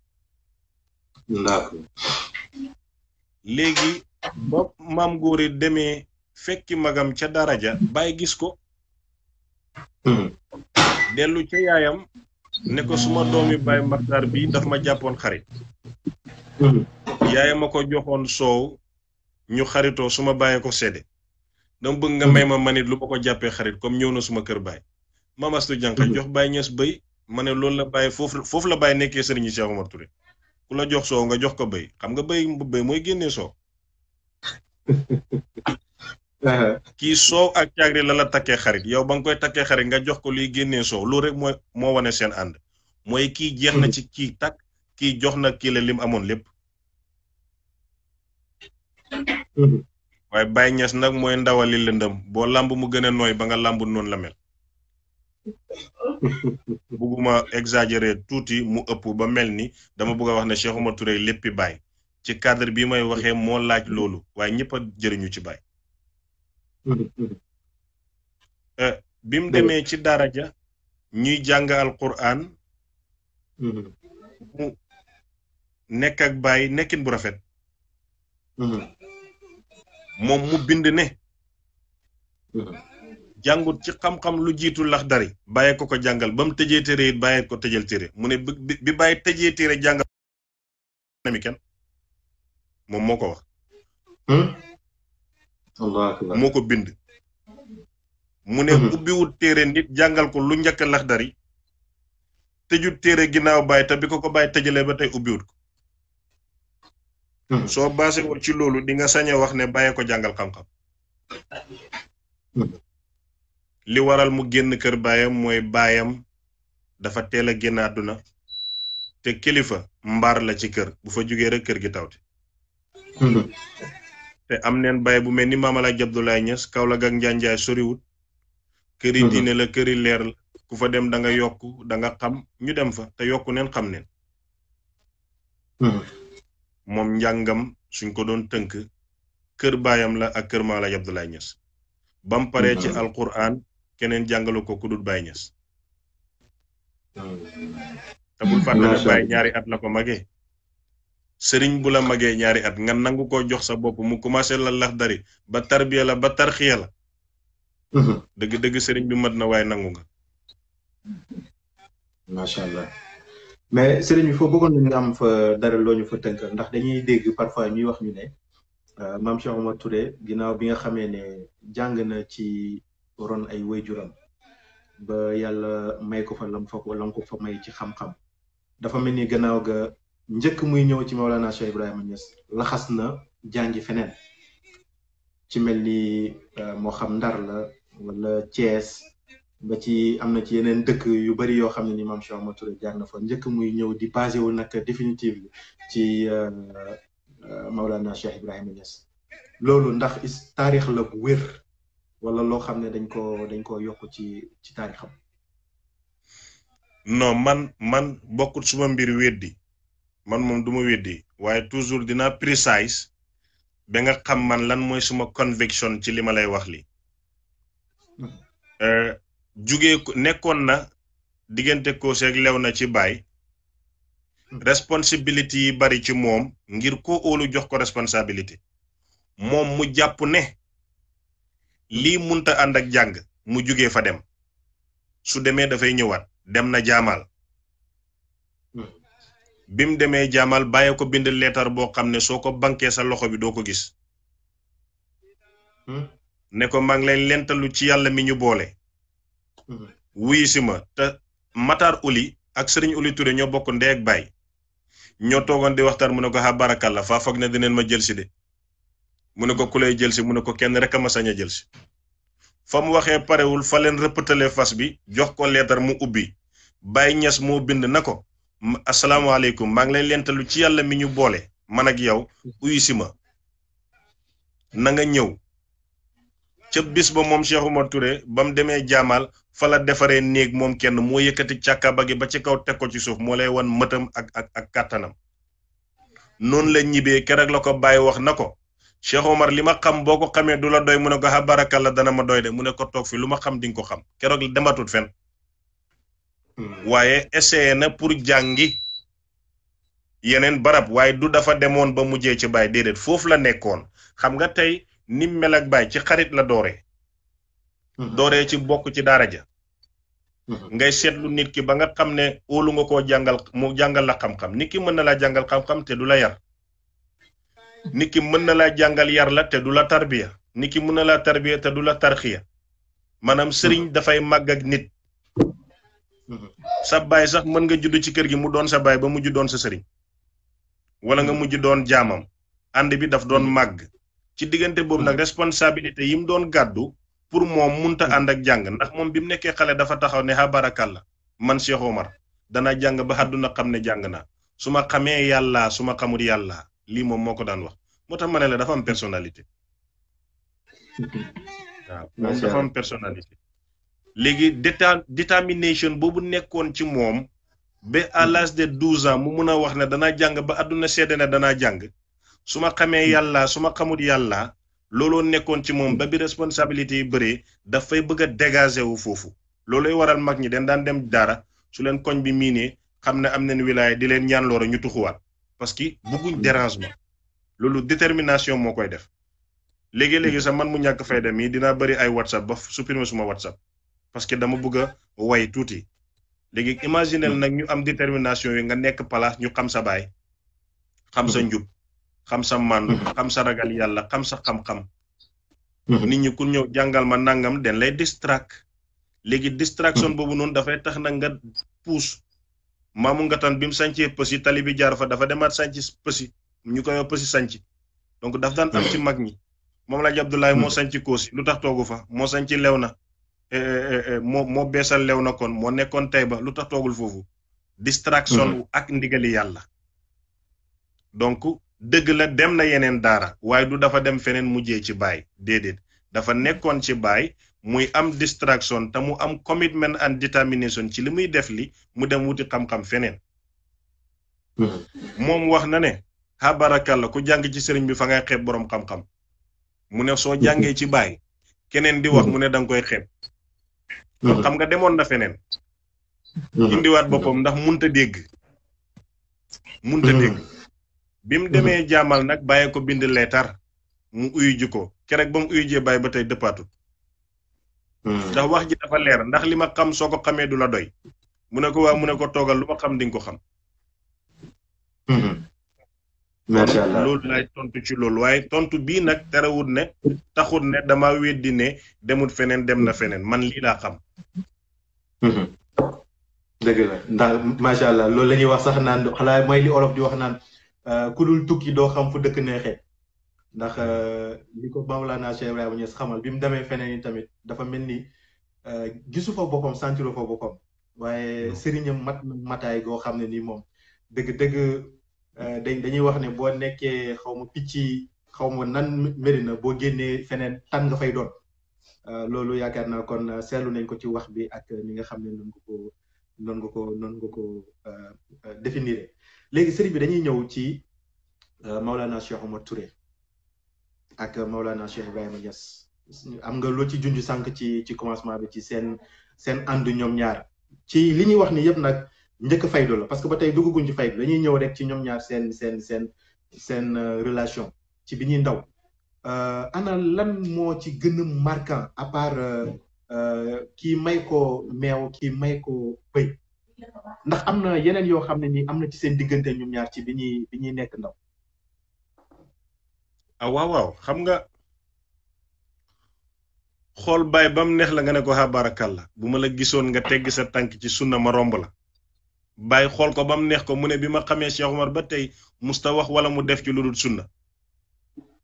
léegi. ba mam góore demee fekki magam ca daraja Bay gis ko hmm. delu ca yaayam ne ko suma doomi bay Makhtar bi daf ma jàppoon xarit hmm. yaayam mako ko so ñu xarito suma baye ko sédé dama bëgg nga may ma manit lu bako jappé xarit comme ñëw na suma kër baay mamastu janka hmm. jox bay ñess bay mané loolu la bay fofu fofu la bay nekké sëriñ Cheikh Omar Touré kula jox so nga jox ko bay xam nga bay bay moy génné so kii soow ak cagri la la takkee xarit yow ba nga koy takkee xarit nga jox ko luy génne soow loolu rek mooy moo wane seen ànd mooy kii jeex na hmm. ci kii takk kii jox na kii la lim amoon lépp hmm. waaye Baye Niass nag mooy ndawali lëndëm boo lamb mu gën nooy ba nga làmb noonu la mel bugguma exagérer tuuti mu ëpp ba mel ni dama bëgg a wax ne Cheikh Oumar Touré léppi Baye ci cadre bi may waxee moo laaj loolu waaye ñëpp a jëriñu ci baay euh, bi mu demee ci dara ja ñuy jàng alquran mu nekk ak baay nekkin bu rafet moom mu bind ne jàngut ci xam-xam lu jiitu lax dari bàyyee ko ko jàngal ba mu tëjee téere it bàyyee ko tëjal téere mu ne bi bàyyi tëjee téere jàngal moom moo ko wax. Hmm? moo ko bind. mu ne hmm. ubbiwut téere nit jàngal ko lu njëkk laxdari tëjut téere ginnaaw bàyyi te bi ko ko bàyyi tëjalee ba tey ubbiwut ko. Hmm. soo baasewul ci loolu di nga sañ wax ne bàyyi ko jàngal xam-xam. li waral mu génn kër baayam mooy baayam dafa teel a génn àdduna te kilifa mbaar la ci kër bu fa jugee rek kër gi tawte. Hmm. te am neen bay bu mel ni maam ñess Abdoulaye Niass Kaolack ak Njaanjaay soriwut këri hmm. la leer ku fa dem da nga yokku da nga xam ñu dem fa te yokku neen xam neen mom hmm. njangam suñ ko doon teunk kër bayam la ak kër ñess bam paré ci alquran keneen jangalu ko kudut bay ñess tabul fatale bay ñaari at la ko magee sering bula la nyari, ñaari at nga nangu ko jox sa bopp mu commencé la lax dari ba tarbiya la ba tarxiya la sering mhm. dëgg sëriñ bi mat na way nangu nga macha allah mais sering bi fo bëggon ñu am fa dara loñu fa teunk ndax dañuy dégg parfois ñuy wax ñu né euh, mam Cheikh Omar Touré ginaaw bi nga xamé né jang na ci ron ay wayjuram ba yalla may ko fa lam fa lam ko fa may ci xam-xam dafa melni gënaaw ga njëkk muy ñëw ci Mawlana Cheikh Ibrahima Niass laxas na jàngi feneen ci mel ni euh, moo xam Ndar la wala Thiès ba ci am na ci yeneen dëkk yu bari yoo xam ne ni maam Cheikh Oumar Touré jaar na fa njëkk muy ñëw di basé wu nag définitive ci euh, euh, Mawlana Cheikh Ibrahima Niass loolu ndax taarix la bu wér wala loo xam ne dañ ko dañ ko yokk ci ci taarixam. non man man bokkul suma mbir weddi man mom wedi, ma weddi waaye toujours dina precise be nga xam man lan moy suma conviction ci lima lay wax li hmm. euh, jugee nekkon na diggante ko sék lewna ci bay hmm. responsibility yi bari ci mom ngir ko óolu jox ko responsibility mom mu japp ne li munta andak ak mu jugee fa dem su da fay ñëwaat dem na jaamal Bim deme Jamal baye ko bind letter bo xamne ne banke ko sa loxo bi doko gis gis hmm? ne ko mang lay lentalu ci yalla mi ñu boole hmm. Matar Uli ak Serigne Uli Touré ño bokk ndé ak baay ño togon di waxtar muné ne ko jelsi barakalla fa foog ne dinañ ma jël ci dé muné ko kulay jël ci mu ko kenn rek ma saña jël ci fa mu waxee parewul fa leen fas bi jox ko mu ubi, bay Niass mo bind nako asalaamaaleykum maa ngi lay lentalu ci yàlla mi ñu boole man ak yow uyu si na nga ñëw ca bis ba moom Cheikh Oumar Touré ba mu demee jaamaal fala defaree néeg moom kenn moo yëkkati càkkaaba gi ba ci kaw teg ci suuf moo lay wan mëtam ak ak ak kàttanam noonu la ñibbee keroog la ko bàyyi wax na ko Cheikh Oumar li ma xam boo ko xamee du la doy mu ne ko ah barakalla dana ma doy de mu ne toog fi lu ma xam di nga ko xam keroog dematut fen waaye essayé na pour jàngi yeneen barab waaye du dafa demoon ba mujjee ci baay déedéet foofu la nekkoon xam nga tey ni mel ak baay ci xarit la doore mhm. doore ci bokk ci daara ja mhm. ngay seetlu nit ki ba nga xam ne óolu nga koo jàngal mu jàngal la xam-xam nit ki mën na laa jàngal xam-xam te du la yar nit ki mën na laa jàngal yar la te du la tarbiya nit ki mën na laa tarbiya te du la tarxiya maanaam sëriñ mhm. dafay màgg nit sa bay sax mën nga judd ci kër gi mu doon sa bay ba judd doon sa sëriñ wala nga hmm. mujj doon jaamam ànd bi daf doon mag hmm. ci diggante boobu nag hmm. responsabilité yim doon gàddu pour moom munta ànd ak jàng ndax moom bi mu nekkee xale dafa taxaw ne ha barakalla man cheikh omar dana jàng ba àdduna xam ne jàng naa su yalla, xamee yàlla su xamul yàlla lii moom moo ko daan wax moo tax dafa am personnalité dafa am personnalité léegi déta détermination boobu nekkoon ci moom ba à hmm. l'âge de douze ans mu mun a wax ne danaa jàng ba àdduna seede ne danaa jàng su ma xamee hmm. yàlla su ma xamut yàlla looloo nekkoon ci moom ba bi responsabilité yi bëree dafay bëgg a dégager wu foofu looloy waral mag ñi den daan dem dara su leen koñ bi miinee xam ne am nañ wilaaya di leen ñaan loora ñu tuxuwaat parce que bëgguñ hmm. dérangement loolu détermination moo koy def léegi-léegi sax man mu ñàkk fayda mii dinaa bëri ay whatsapp ba supprimer suma whatsapp parce que dama bëgg a way tuuti léegi hmm. imaginel hmm. nag ñu am détermination yi nga nekk place ñu xam sa baay xam sa hmm. njub xam sa man xam sa ragal yàlla xam sa xam-xam nit ñi ku ñëw jàngal ma nangam den lay distract léegi distraction boobu noonu dafay tax na nga puus mamu nga tan pesi tali bi jaar fa dafa demaat sanc pësi ñu koy pesi sanc donc daf tan am ci mag ñi mom la Abdoulaye mo sanc kosi lutax togu fa mo lewna Eh, eh, eh, moo moo beesal lew na kon moo nekkoon tey ba lu tax toogul foofu distraction mhm. ak ndigali yàlla donc dëgg la dem na yeneen daara waaye du dafa dem feneen mujjee ci baay déedéet dafa nekkoon ci baay muy am distraction te mu am commitment and determination ci li muy def li mu dem wuti xam-xam feneen mhm. moom wax na ne la ku jàng ci sëriñ bi fa ngay xeeb boroom xam-xam mu ne soo jàngee mhm. ci baay keneen di wax mu ne danga koy xeeb loolu xam nga demoon na feneen. indiwaat boppam ndax munta dégg. munta dégg. bi mu demee jaamal nag bàyyi ko bind leetar mu uyu ko keroog ba mu uyu jee bàyyi ba tey dëppaatut. ndax wax ji dafa leer ndax li ma xam soo ko xamee du la doy. mu ne ko waa mu ne ko toogal lu ma xam di nga ko xam. macha allah tontu ci loolu waaye tontu bii nag terewut ne taxut ne dama weddi ne demut feneen dem na feneen man li laa xam. Mhm. dëgg la ndax macha allah loolu la ñuy wax sax naan xalaa mooy li olof di wax naan euh, ku dul tukki doo xam fu dëkk neexee ndax euh, li ko Mawlana Cheikh Ibrahima Niass xamal bi mu demee feneen yi tamit dafa mel ni euh, gisu fa boppam santiro fa boppam waaye mm-hmm. sëriñam mat mataay goo xam ne nii moom dëgg-dëgg dañuy wax ne boo nekkee xaw ma picc xaw ma nan mëri na boo génnee feneen tan nga fay doon. Euh, loolu yaakaar na kon euh, seetlu nañ ko ci wax bi ak euh, ñi nga xam ne noonu nga ko noonu nga ko noonu nga ko définir léegi sëriñ bi dañuy ñëw ci Maulana Cheikh Omar Touré ak Maulana Cheikh Ibrahima Niass am nga loo ci junj sànq ci ci commencement bi ci seen seen àndu ñoom ñaar ci li ñuy wax ni yëpp nag njëkk faydu la parce que ba tey dugguñ ci faydu dañuy ñëw rek ci ñoom ñaar seen seen seen seen relation ci bi ñuy ndaw Eh, ana lan mo ci gën a marquant à part maiko, eh, eh, may ko meew ki may ko bay ndax amna na yo yoo ni amna ci seen digënté ñum ñaar ci bi ñuy nekk ndaw ah waaw waaw xam nga xol bay bam neex la nga ne ko ha barakallah bu ma la gisoon nga tegg sa tank ci sunna ma romb la bay xol ko bam neex ko mune bima bi cheikh omar ba tay musta wala mu def ci sunna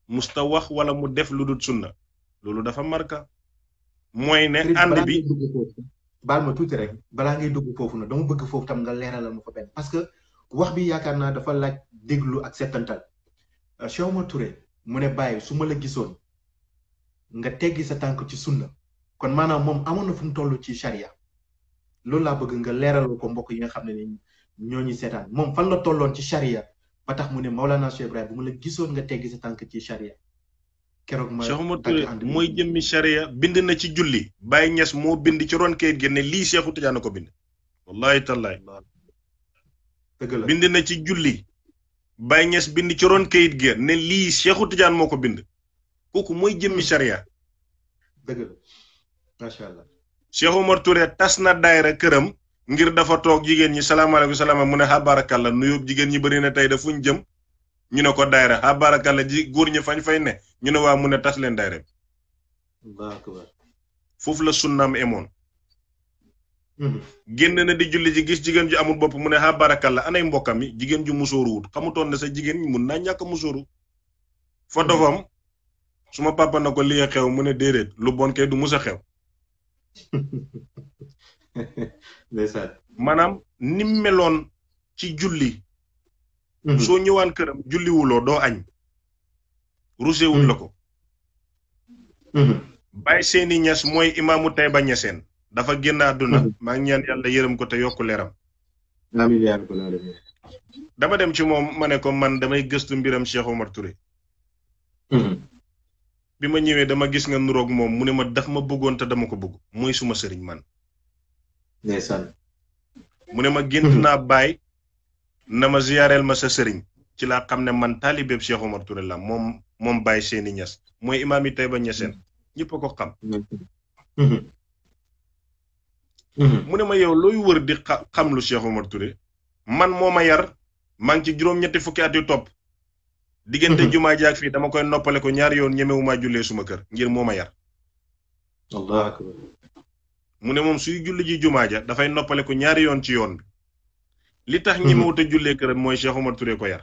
musta wax wala mu def lu dul sunna loolu dafa marka mooy ne ànd bi baal ma tuuti rek balaa ngay dugg foofu nag dama bëgg foofu tam nga leeralal ma fa benn parce que wax bi yaakaar naa dafa laaj déglu ak setantal euh, Cheikh Omar Touré mu ne bàyyi su ma la gisoon nga teggi sa tànk ci sunna kon maanaam moom amoon na fu mu toll ci charia loolu laa bëgg nga leeralal ko mbokk yi nga xam ne ni ñoo ñu seetaan moom fan la tolloon ci charia ba tax mu ne Maulana Cheikh Ibrahim bu mu la gissone nga teggi sa tank ci sharia kérok ma Cheikh Omar Touré moy jëmmi sharia bind na ci julli Baye ñess mo bind ci ron kayit gene li cheikh Tidiane ko bind wallahi tallahi bind na ci julli bay ñess bind ci ron kayit ge ne li cheikh Tidiane moko bind kooku moy jëmmi sharia dëgg la Allah Cheikh Omar Touré tasna daaira kërëm ngir dafa toog jigéen ñi salaamaaleykum salaama mu ne xabaarakàlla nuyub jigéen ñi bëri na tey da fuñ jëm ñu ne ko daayra xabaarakàlla ji góor ñi fañ fay ne ñu ne waa mu ne tas leen daayra foofu la sunnaam emoon hmm. génn na di julli ji gis jigéen ju amul bopp mu ne xabaarakàlla anay mbokkam yi ju xamutoon ne sa jigéen mun naa ñàkk musóoru hmm. fa suma papa na ko xew mu ne lu bon kay du musa xew Manam ni melon meloon ci julli. Mhm. soo ñëwaan këram julliwuloo doo añ. rusewul mhm. la ko. Mhm. Baye seeni Niass mooy imaamu Taïba Niassène dafa génn àdduna. maa ngi ñaan yàlla yërëm ko te yokk leeram. dama dem ci moom ma ne ko man damay gëstu mbiram Cheikh Omar Touré. bi ma ñëwee dama gis nga nuroog moom mu ne ma daf ma bëggoon te dama ko bëgg mooy suma sëriñ man. Nesan. Mune ma gint hmm. na bai, na ma ziyarel ma sa sering. Chila laa ne man taalibeeb Cheikh Omar Touré la mom, mom bàyyi se ni nyas. imaam yi tey ba ñeseen ñëpp ko hmm. ma yow looy wër di kam lu Cheikh Omar Touré man mo ma yar man ki jirom juróom fuki ati top. Digente hmm. juma jak fi, jaag dama koy ko ñaari yoon suma ngir mo ma yar allah akbar mu ne moom suy julli ji jumaa ja dafay noppaleku ñaari yoon ci yoon bi li tax ñi mawut mhm. a jullee këram mooy Cheikh Omar Touré ko yar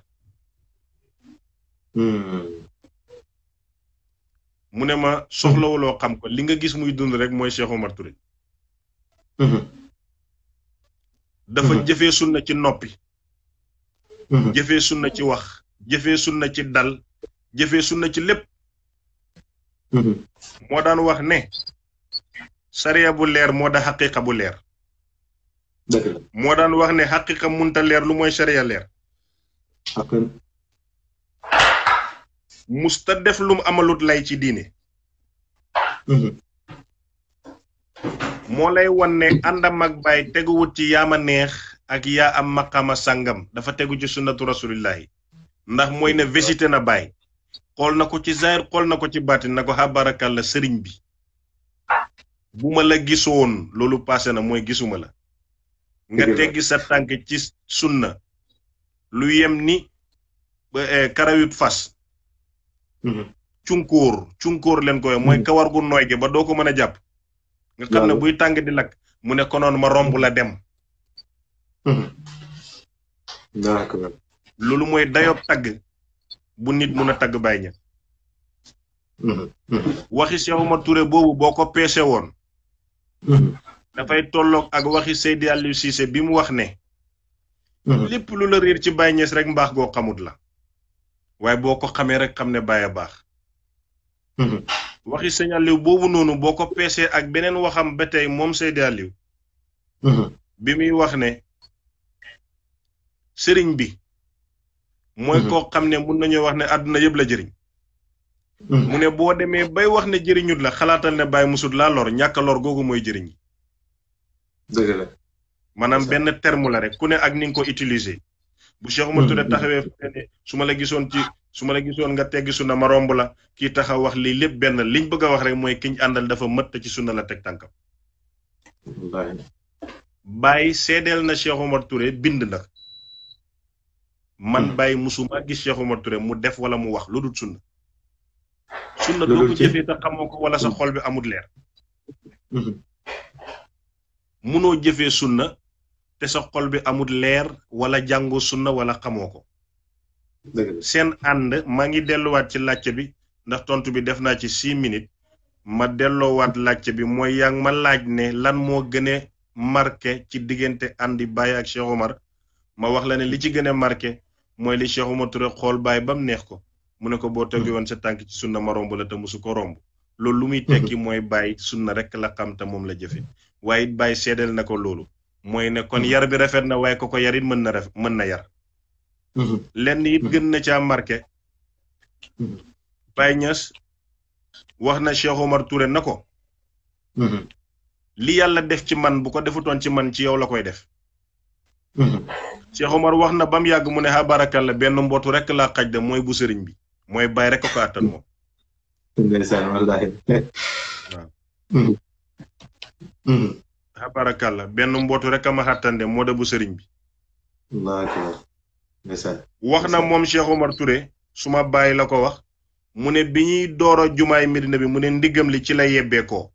mhm. mu ne ma soxlawuloo xam ko li nga gis muy dund rek mooy Cheikh Omar Touré mhm. dafa jëfee sunna ci noppi jëfee sunna ci wax jëfee sunna ci dal jëfee sunna ci lépp moo daan wax ne sariya bu leer moo da xaqiqa bu leer. moo daan wax ne xaqiqa munta leer lu mooy sariya leer. musta def lum amalut lay ci diine. Mhm. moo lay won ne àndam ak baay teguwut ci yaama neex ak yaa am maqama sàngam dafa tegu ci sunnatu rasulillahi ndax mooy ne visité na baay xool na ko ci zaahir xool na ko ci baatin na ko xabarakàlla sëriñ bi. bu ma la gisoon loolu passé na mooy gisuma la nga teggi sa tànk ci na lu yem ni eh, karawit fas mhm. cunkóor cunkóor leen koy mooy mhm. kawar gu nooy gi ba doo ko mën a jàpp nga xam ne buy tàng di lakk mu ne konoon ma romb la dem mhm. loolu mooy dayo tagg bu nit mun a tagg bàyyi ña waxi ture boobu boo ko peese woon Mm-hmm. fay tolok ak waxi Seydi Aliou Cissé bi mu wax ne. Mm-hmm. lepp lu la réer ci Baye Niass rek mbax go xamut la. waaye boko ko rek xam Baye bax mm-hmm. waxi seydi Aliou bobu nonu boko pc ak benen waxam ba mom Seydi Aliou. bi muy wax ne serigne bi. moy ko xamne mën nañu wax ne aduna yeb la jëriñ. Mhm. mu ne boo demee bay wax ne jëriñut la xalaatal ne bàyyi musut laa lor ñàkk lor googu mooy jëriñ. dëgg la. maanaam benn terme la rek ku ne ak ni nga ko utiliser. bu Cheikh Oumar Touré mhm. taxawee fële mhm. ne su ma la gisoon ci su ma la gisoon nga teggi sunna ma romb la kii taxaw wax lii lépp benn liñ bëgg a wax rek mooy kiñ àndal dafa mëtt ci sunna la teg tànkam. bàyyi seedeel na Cheikh Oumar Touré bind na. man bàyyi musuma gis Cheikh Oumar Touré mu def wala mu wax lu sunna sunna do ko jëfé ta xamoko wala sa xol bi amul leer mëno mm-hmm. jëfé sunna te sa xol bi amul leer wala jango sunna wala xamoko sen and ma ngi wat ci lacc bi ndax tontu bi def na ci 6 minutes ma wat lacc bi moy yang ma laaj ne lan mo marke marqué ci digënté andi bay ak Cheikh Omar ma wax la ne li ci gëné marqué moy li Cheikh Omar Touré xol bay bam neex ko mu ne ko boo tegli hmm. woon sa tànk ci sunna ma romb la te musu ko romb loolu lu muy tekki hmm. mooy sunna rek la xam te moom la jëfe waaye it bàyyi na ko loolu mooy ne kon hmm. yar bi rafet na waaye ko ko yar it mën na ref mën na yar lenn it gën na am marqué Baye wax na Cheikh Omar Touré na ko li yàlla def ci man bu ko defutoon ci man ci yow la koy def Cheikh Omar wax na bam mu ne ha benn mbootu rek laa xaj bu sëriñ bi mooy bàyyi rek ko attan moom. ndeysaan wallaahi. benn mbootu rek a ma moo da bu sëriñ bi. wax na moom Cheikh Omar Touré suma bàyyi la ko wax mu ne bi ñuy dooro jumaay Medina bi mu ne ndiggam li ci la yebbeekoo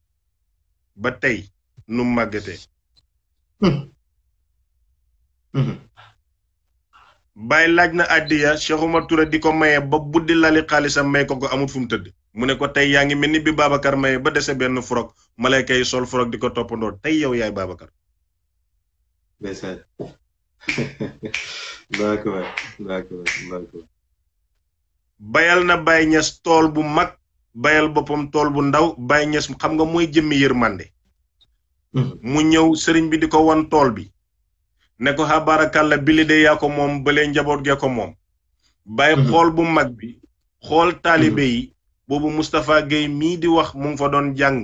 ba tey nu màggatee. Hmm. Hmm. bay laaj na addiya cheikh omar touré diko maye ba buddi lali xaalisam may ko ko amul fum teud ko tay yaangi melni bi babakar maye ba dese ben frog malayka yi sol frog di ko toppandoo tey yow yaay babakar ndeysaan d'accord d'accord d'accord bayal na bay ñes tol bu mag bayal bopam tol bu ndaw bay ñes xam nga moy jëmmi yërmande hmm. mu ñew sëriñ bi diko won tol bi ne ko habarakalla barakalla bilide ya ko mom bele njabot ge ko mom bay mhm. xol bu mag bi xol talibe mhm. yi bobu mustafa gay mi di wax mu ngi fa don jang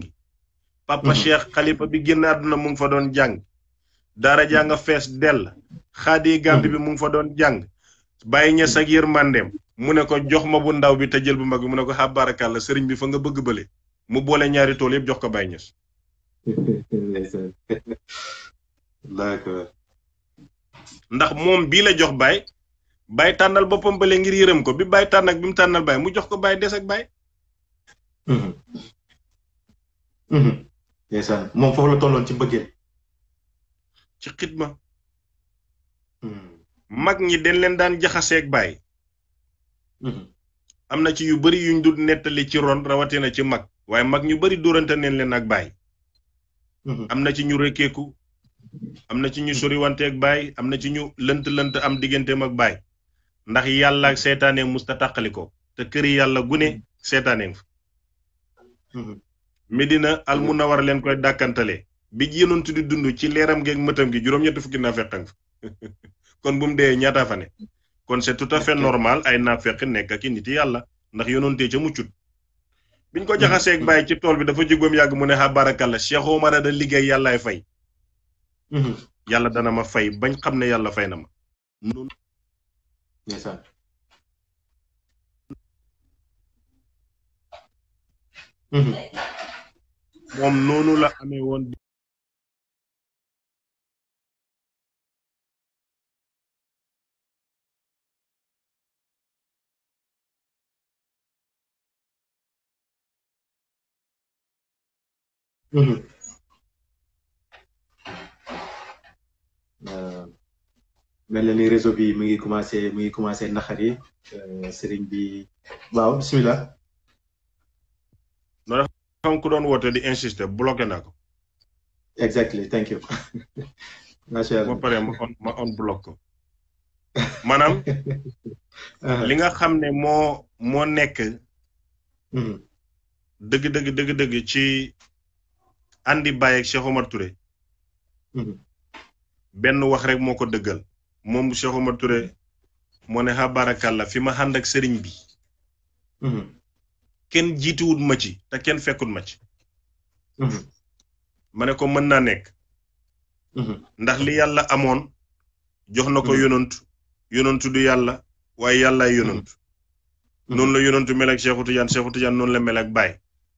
papa mhm. cheikh khalifa bi genn aduna mu ngi fa don jang dara jang fess del khadi gambi bi mu ngi fa don jang mandem mu ne ko jox ma bu ndaw bi te jël bu mag bi mu ne ko habarakalla serigne bi fa nga bëgg bele mu boole ñaari tool yëpp jox ko ñes ndax moom bii la jox baay baay tànnal boppam bële ngir yërëm ko bi baay tànn bi mu tànnal baay mu jox ko baay des ak baay. Mhm. Mhm. ndeysaan moom foofu la tolloon ci mbëggeel. ci xidma. Mhm. mag ñi dañ leen daan jaxaseeg baay. am na ci yu bari yuñ dul nettali ci ron rawatina ci mag waaye mag ñu bari dóorante neen leen ak baay. am na ci ñu rëkkeeku am na ci ñu soriwanteeg baay am na ci ñu lënt-lënt am digganteem ak baay ndax yàlla ak seetaane musta tàqali ko te këri yàlla gune seetaane fa mhm. Medina al munawar leen koy dàkkantale bi yonent di dund ci leeram geeg mëtam gi juróom-ñett fukki naafeqan fa kon bu mu dee ñaataa fa ne kon c'est tout à fait normal ay naafeq nekk ak i nit yàlla ndax yonentee ca muccut biñ ko jaxaseeg mhm. bàyyi ci tool bi dafa jógoom yàgg mu ne xabarakalla Cheikh Omar da liggéey yàllaay fay Mhm. yàlla dana ma fay bañ xam ne yàlla fay na ma. noonu. ndeysaan. Mhm. moom noonu la amee woon. Mm-hmm. Eh, mel ni réseau bi mi ngi commencé mi ngi commencé naxari eh, sëriñ bi waaw bismillah no xam ku doon woote di insister bloqué naa ko exactly thank you macha allah ba pare ma on ma on block ko li nga xam ne mo moo nekk dëgg dëgg dëgg dëgg ci andi bàyyeeg Cheikh Omar Touré hmm. benn wax rek moo ko dëggal moom Cheikh Omar Touré moo ne xa barakàlla fi ma ànd sëriñ bi. Mhm. kenn jiituwut ma ci te kenn fekkut ma ci. Mhm. ma ne ko mën naa nekk. Mhm. ndax li yàlla amoon jox na ko yonantu yonantu du yàlla waaye yàllaay yonantu. noonu la yonantu mel ak Cheikhu Tidiane Cheikhu Tidiane noonu la mel ak Baye.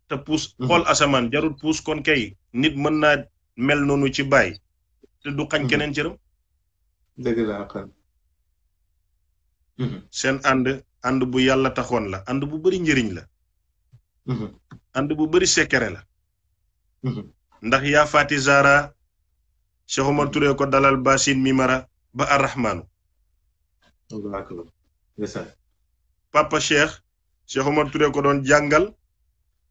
te puus xool asamaan jarul puus kon kay nit mën naa mel noonu ci Baye. te du xañ mhm. keneen jërëm dëgg la akal. Kan? Mhm. seen ànd ànd bu yàlla taxoon la ànd bu bari njëriñ la. Mhm. ànd bu bari sekere la. ndax yaa Zara Cheikh Omar Touré ko dalal Basin Mimara ba Arrahmaanu. papa Cheikh Cheikh Omar Touré ko doon jàngal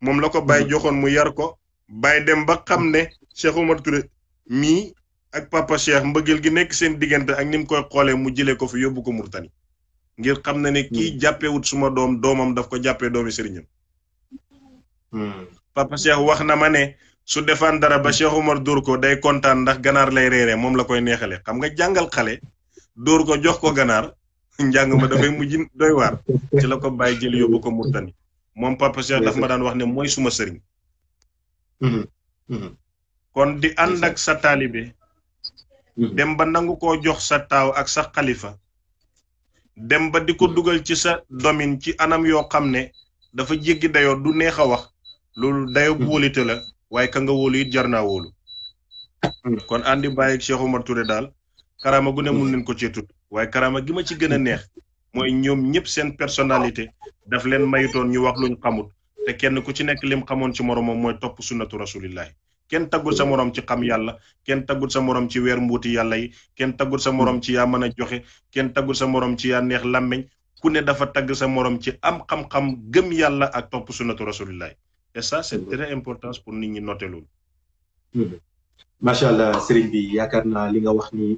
moom la ko bàyyi joxoon mu yar ko bàyyi dem ba xam ne Cheikh Omar Touré mii ak papa cheikh mbeugel gi nek seen diggante ak nim koy xolé mu jilé ko fi yobbu ko murtani ngir xam na ne hmm. jappé wut suma dom domam daf ko jàppee doomi sëriñam hmm. papa cheikh wax na ma ne su defaan dara ba cheikh omar dur ko day contane ndax ganar lay réré mom la koy neexale xam nga jangal xalé dur ko jox ko ganar njang ma fay mujj doy war ci la ko jël yobbu ko murtani mom papa cheikh daf ma daan wax ne moy suma sëriñ hmm. kon di andak sa talibé Mhm. dem ba nangu koo jox sa taaw ak sa xalifa dem ba di ko mhm. dugal ci sa domaine ci anam yoo xam ne dafa jéggi dayoo du neex a wax loolu dayo mhm. wóolite la waaye ka nga wóolu it jar naa wóolu kon àndi bàyyi Cheikh ture daal karaama gu ne mun leen ko cee waaye karaama gi ma ci gën neex mooy ñoom ñëpp seen personnalité daf leen mayitoon ñu wax luñ xamut te kenn ku ci nekk lim xamoon ci moromam mooy topp sunnatu rasulillahi kenn taggul sa moroom ci xam yàlla kenn taggul sa moroom ci weer mbuuti yàlla yi kenn taggul sa moroom ci yaa mën a joxe kenn taggul sa moroom ci yaa neex ku ne dafa tagg sa morom ci am xam-xam gëm yàlla ak topp sunnatu rasulillah et ça c'est mm-hmm. très importance pour nit ñi noter loolu. Mm-hmm. macha allah sëriñ bi yaakaar naa li nga wax ni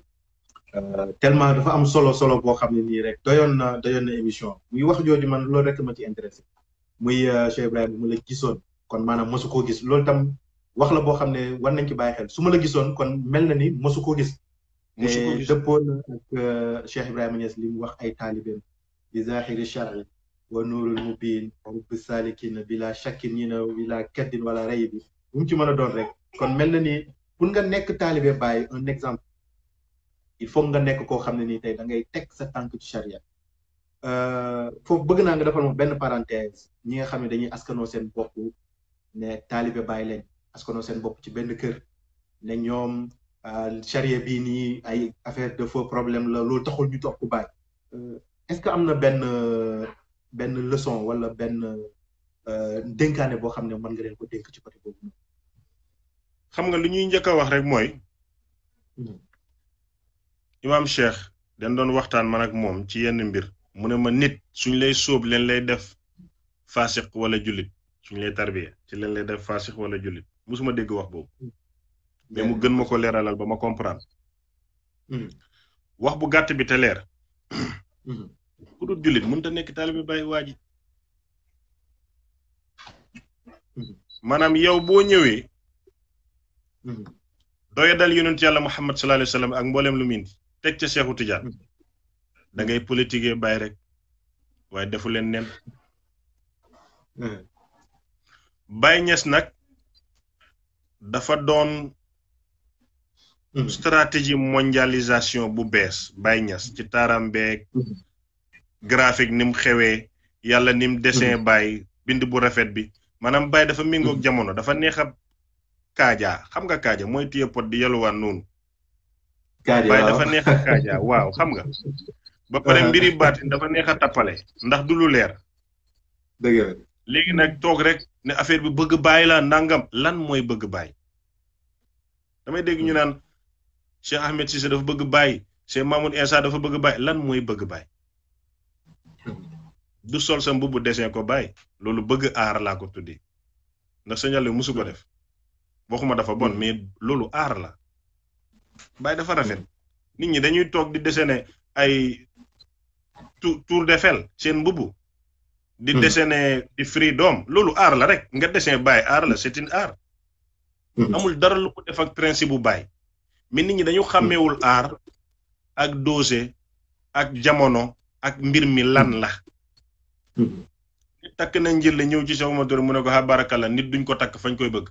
euh, tellement dafa am solo solo boo xam ne nii rek doyoon na doyoon émission muy wax jooju man loolu rek ma ci intéressé muy euh, Cheikh Ibrahima mu la gisoon kon maanaam mosu koo gis loolu tam. wax la boo xam ne war nañ ci bàyyi xel su ma la gisoon kon mel na ni mosu ko gis. mosu ko eh, gis dëppoo na ak euh, Cheikh Ibrahima Niass li mu wax ay taalibeem bi zahiri shar'i wa nuurul mubiin rubbi saalikiina bila shakkin ñi na bila kaddin wala rey bi bu mu ci mën a doon rek kon mel na ni pour nga nekk taalibe bàyyi un exemple il faut nga nekk koo xam ne nii tey da ngay teg sa tànk ci charia euh, foofu bëgg naa nga defal ma benn parenthèse ñi nga xam ne dañuy askanoo seen bopp ne taalibe bàyyi lañ askanoo seen bopp ci benn kër ne ñoom ah, charia bii nii ay affaire de faux problème la loolu taxul ñu topp baay euh, est-ce que am na benn benn leçon wala benn euh, dénkaane boo xam ne mën nga leen ko dénk ci côté boobu xam nga lu ñuy njëkk a wax rek mooy hmm. imaam Cheikh dañ doon waxtaan man ak moom ci yenn mbir mu ne ma nit suñ lay sóob len lay def faasiq wala julit suñ lay tarbiya ci leen lay def faasiq wala jullit musuma dégg wax boobu hmm. mais mu gën ma ko leeralal ba ma comprendre hmm. wax bu gàtt bi te leer hmm. ku dul julit mënta nekk taalibe bàyyi maanaam yow boo ñëwee dal yonent yàlla Muhammad sallallahu alayhi Wasallam sallam ak mboolem lu mu indi teg ca Seexu Tijaan da ngay politiquer bay rek waaye defu leen nen bay ñes nag dafa doon hmm. stratégie mondialisation bu bees bay ñas ci taaram hmm. graphique nim mu xewee yàlla dessin hmm. bay bind bu rafet bi maanaam bay dafa méngoog jamono dafa neex a kaajaa xam nga kaaja mooy téye pot di yalwaan noonu bay dafa neex a kaaja waaw xam nga ba pare ah. mbiri baatin dafa neex a ndax du lu leer léegi nag toog rek ne affaire bi bëgg bàyyi la nangam lan mooy bëgg bàyyi damay dégg ñu hmm. naan Cheikh Ahmed Cissé dafa bëgg bàyyi Cheikh Mamoud Insa dafa bëgg bàyyi lan mooy bëgg bàyyi hmm. du sol sa mbubu desin ko bàyyi loolu bëgg aar laa ko tuddee ndax señale musu ko hmm. def waxuma dafa bon mais loolu aar la bàyyi dafa rafet nit ñi dañuy toog di desene ay tour defel seen mbubu di hmm. dessiner di freedom loolu aar la rek nga dessin bàyyi aar la c'est une hmm. amul dara lu ko def bu baay mi nit ñi dañu xàmmewul hmm. aar ak dosé ak jamono ak mbir mi lan la nit takk na njëlle ñëw ci Cheikh Oumar Touré mu ne ko xabaraka la nit duñ ko takk fañ koy bëgg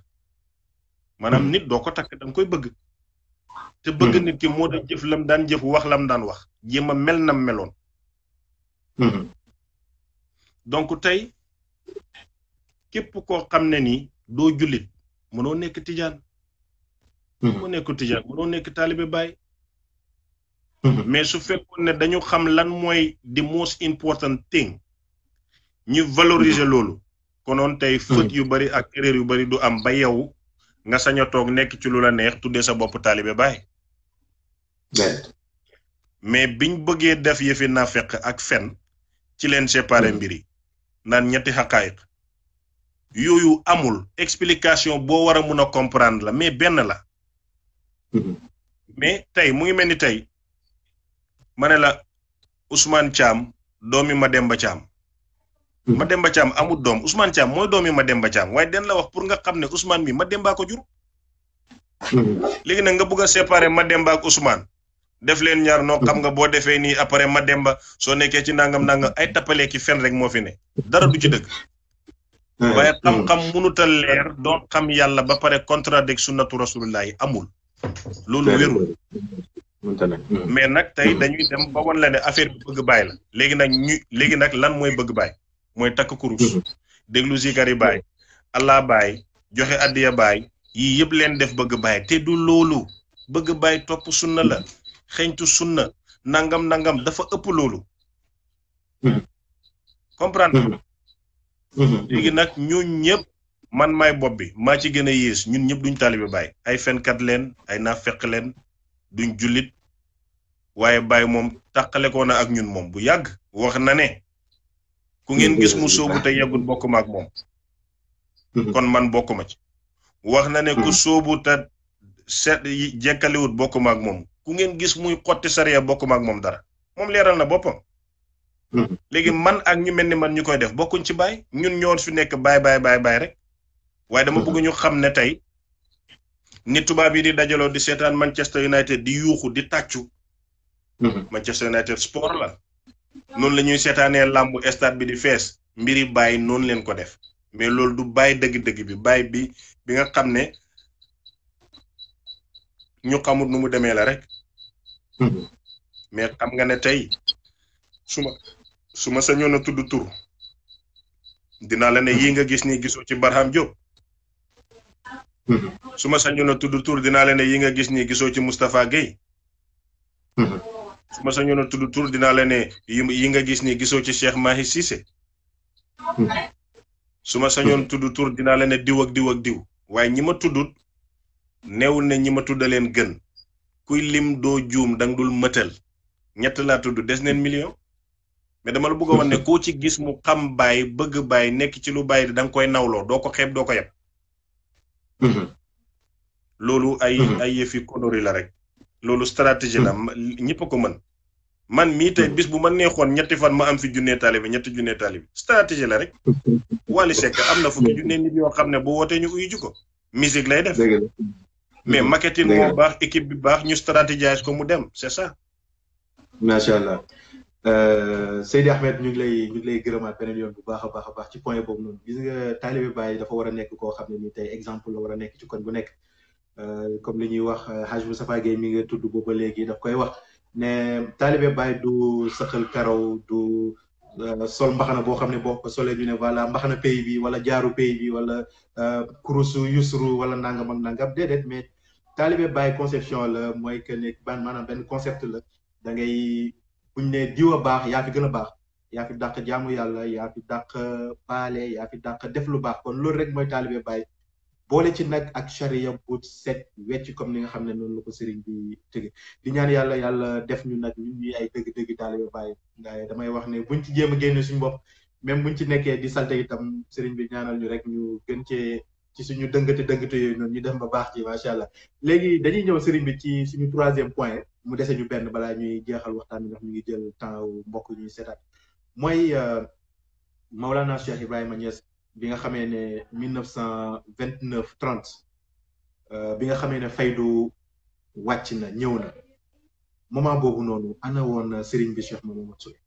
maanaam nit doo ko takk danga koy bëgg te bëgg nit ki moo def jëf lam daan jëf wax lam daan wax jéem a mel nam meloon donc tay képp koo xam ne ni doo jullit mënoo nekk tijaan hmm. mënoo nekk tijaan mënoo nekk taalibe baay hmm. mais su fekkoon ne dañu xam lan mooy the most important thing ñu valoriser loolu konon tey hmm. fët yu bari ak erreur yu bari du am ba yow nga sañ a toog nekk ci lu la neex tuddee sa bopp taalibe baay mais biñ bëggee def yëfi nafeq ak fen ci leen séparé mbir nan ñetti haqaiq yooyu amul explication boo war a mun a comprendre la mais benn la mhm. mais tey mu ngi mel ni tey ma ne la Ousmane Thiam doomi Mademba Thiam mhm. Mademba Thiam amul doom Ousmane Thiam mooy doomi Mademba Thiam waaye den la wax pour nga xam ne Ousmane mi Mademba ko jur mhm. léegi nag nga bëgg a séparer Mademba ak Ousmane def leen ñaar no xam nga boo defee nii après ma dem ba soo nekkee ci nangam nang ay tappalee ki fen rek moo fi ne dara du ci dëgg. waaye hmm. xam-xam mënut leer doon xam yàlla ba pare contradict sunnatu amul. loolu wérul. Hmm. mais nag tey dañuy dem ba wan la ne affaire bi bëgg bàyyi la. léegi nag ñu léegi nag lan mooy bëgg bàyyi mooy takk kurus. Hmm. déglu zikari bàyyi. allah bàyyi joxe addiya bàyyi. yii yëpp leen def bëgg bàyyi te du loolu bëgg bàyyi topp sunna la. xeñtu sunna nangam nangam dafa ëpp loolu. Mhm. comprendre mhm. Mhm. léegi nag ñun ñëpp man may bopp bi maa ci gën a yées ñun ñëpp duñ taalibe Baay ay fenkat leen ay naafeq leen duñ jullit waaye Baay moom tàqale ko na ak ñun moom bu yàgg wax na ne ku ngeen gis mu sóobu te yeggul bokk ma ak moom kon man bokk ma ci wax na ne ku sóobu te seet bokk ma ak moom ku ngeen gis muy xotti sariya bokkuma ak moom dara moom leeral na boppam. Hmm. léegi man ak ñu mel ni man ñu koy def bokkuñ ci baay ñun ñoo fi nekk baay baay baay baay rek. waaye dama bëgg ñu xam ne tey ni tubaab yi di dajaloo di seetaan Manchester United di yuuxu di tàccu. Hmm. Manchester United sport la. noonu la ñuy seetaanee làmbu stade bi di fees mbiri bàyyi noonu leen ko def mais loolu du bàyyi dëgg-dëgg bi bàyyi bi bi nga xam ne ñu xamut nu mu demee la rek. Mhm. mais xam nga ne tey suma ma su ma sañoon tudd tur dinaa la ne nga gis nii gisoo ci Barham Diop. suma ma sañoon a tudd tur dinaa la ne mhm. nga gis nii gisoo ci Moustapha mhm. su ma sañoon a dinaa la ne yi nga gis nii gisoo ci Cheikh Mahi Cissé. su ma sañoon tudd tur dinaa la ne diw ak diw ak diw waaye ñi ma tuddut néewul ne ñi ma tuddaleen gën. kuy lim doo juum danga dul mëtal ñett laa tudd des neen million mais dama la bëgg a wax ne koo ci gis mu xam bàyyi bëgg bàyyi nekk ci lu bàyyi di koy nawloo doo ko xeeb doo ko yeb mhm. loolu ay mhm. ay yëfi la rek loolu stratégie la mhm. ñëpp a ko mën man mii tey bis bu ma neexoon ñetti fan ma am fi junnee taalibe ñetti junnee taalibe stratégie la rek Wally Seck am na fukki junnee nit yoo xam ne bu wootee ñu uyu ji ko musique lay def mais mm-hmm. marketing moo baax équipe bi baax ñu stratégiser ko mu dem c'est ça. macha allah euh, Seydi Ahmed ñu ngi lay ñu ngi lay gërëmaat beneen yoon bu baax a baax a baax ci point boobu noonu gis nga taalibe Baay dafa war a nekk koo xam ne nii tey exemple la war a nekk ci koñ bu nekk. Euh, comme li ñuy wax euh, Hadj Moustapha Gueye mi nga tudd booba léegi dafa koy wax ne taalibe Baay du saxal karaw du sol mbaxana boo xam ne boo ko solee ñu ne voilà mbaxana pays bi wala jaaru pays bi wala kurusu yusru wala nangam ak nangam déedéet mais. taalibe Baye conception la mooy que ne ban maanaam benn concept la da ngay bu ñu nee diw a baax yaa fi gën a baax yaa fi dàq jaamu yàlla yaa fi dàq baale yaa dàq def lu baax kon loolu rek mooy taalibe baay boole ci nag ak charia bu set wecc comme ni nga xam ne noonu la ko sëriñ bi tëgg di ñaan yàlla yàlla def ñu nag ñu ñuy ay dëgg-dëgg taalibe Baye ndaay damay wax ne buñ ci jéem a génne suñu bopp même buñ ci nekkee di salte itam sëriñ bi ñaanal ñu rek ñu gën cee ci suñu dëngate dëngate yooyu noonu ñu dem ba baax ci macha allah léegi dañuy ñëw sëriñ bi ci suñu troisième point mu dese ñu benn balaa ñuy jeexal waxtaan bi ndax ngi jël temps mbokk ñuy seetaat mooy euh, Maulana Cheikh Ibrahima Niass bi nga xamee ne mille neuf cent vingt neuf trente euh, bi nga xamee ne faydu wàcc na ñëw na moment boobu noonu ana woon sëriñ bi Cheikh Mamadou Soye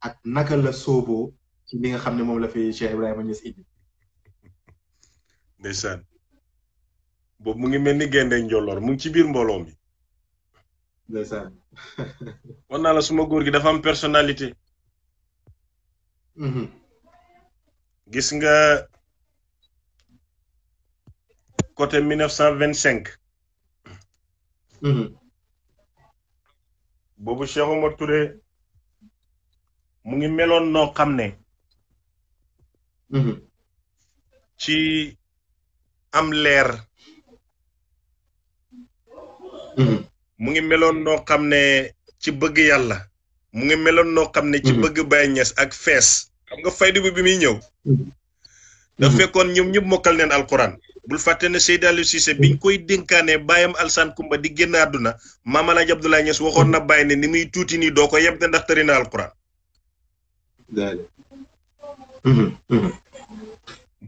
ak naka la sooboo ci li nga xam ne moom la fi Cheikh Ibrahima Niass indi ndeysaan boobu mu ngi mel ni gendee njolloor mu ngi ci biir mbooloo mi ndeysaan wan naa la suma góor gi dafa am personnalité mhm. gis nga côté 1925 mhm. boobu Cheikh Omar Touré mu ngi meloon noo xam ne mhm. ci am leer hmm. mu ngi meloon noo xam ne ci bëgg yàlla mu ngi meloon noo xam ne ci hmm. bëgg bay Niass ak fees xam nga faydu bi mi ñëw hmm. da fekkoon ñoom ñëpp mokkal neen alquran bul fàtte ne Seydi Aliou Cissé biñ koy dénkaane bàyyam alsan Kumba di génn àdduna mama Alaaji Abdoulaye waxoon na bàyyi ne ni muy tuuti nii doo ko yeb ne ndax alquran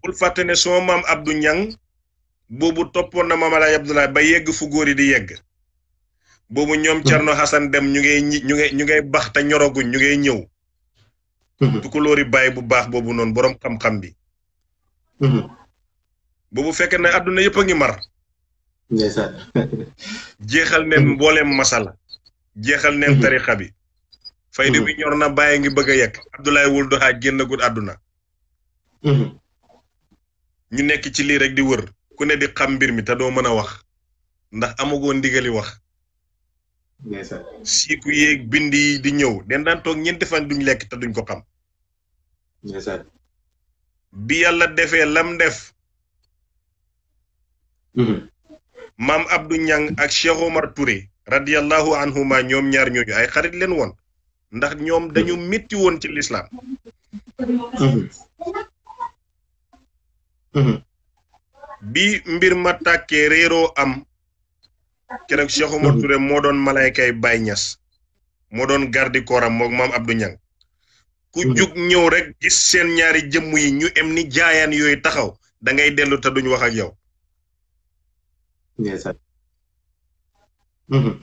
bul fàtte ne maam Abdou Ñang Bubu topon na Maam Alaaji Abdoulaye ba yegg fu goori di yegg bobu ñom cerno hmm. hasan dem ñu ngay ñu ngay ñu ngay bax ta ñoroguñ ñu ngay ñew hmm. du ko lori bàyyi bu baax bobu non borom xam-xam bi hmm. bobu fekk na aduna yepp ngi mar jeexal ne mbooleem masala jeexal nem tariqa bi fayde bi ñor na baye ngi bëgg a abdullah Wul Duha génn gud aduna ñu nekk ci li rek di wër ku ne di xam mbir mi te doo mën a wax ndax amagoo ndigali wax si ku yeeg bind yi di ñëw den daan toog ñeenti fan duñ lekk te duñ ko xam bi yàlla defee lam def mam mm-hmm. abdou ñang ak cheikh omar touré radiyallahu anhuma ñoom ñaar ñooñu ay xarit leen woon ndax ñoom dañu mm-hmm. metti woon ci l'islam mm-hmm. bi mbir ma tàkkee réeroo am keroog Cheikh Omar mm-hmm. Touré moo doon malaykay bay Niass moo doon gardi kooram moog maam Abdou Niang ku mm-hmm. jug ñëw rek gis seen ñaari jëmm yi ñu em ni jaayaan yooyu taxaw dangay ngay dellu te duñ wax ak yow mm-hmm.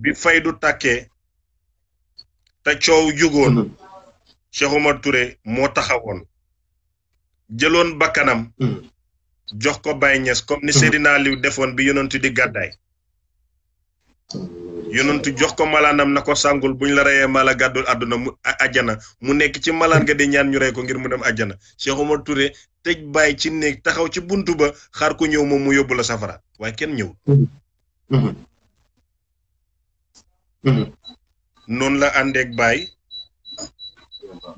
bi faydu tàkkee te coow jugoon Cheikh Omar Touré moo taxawoon jëloon bakkanam jox ko Baye Niass comme ni Seydina defoon bi yonentu di gàddaay yonentu jox ko malaanam na ko sàngul buñ la reyee mala gàddul àdduna mu àjjana mu nekk ci malaan ga di ñaan ñu rey ko ngir mu dem àjjana Cheikh Omar Touré tëj bàyyi ci néeg taxaw ci bunt ba xaar ku ñëw moom mu yóbbu safara waaye kenn ñëw noonu la àndeeg Baye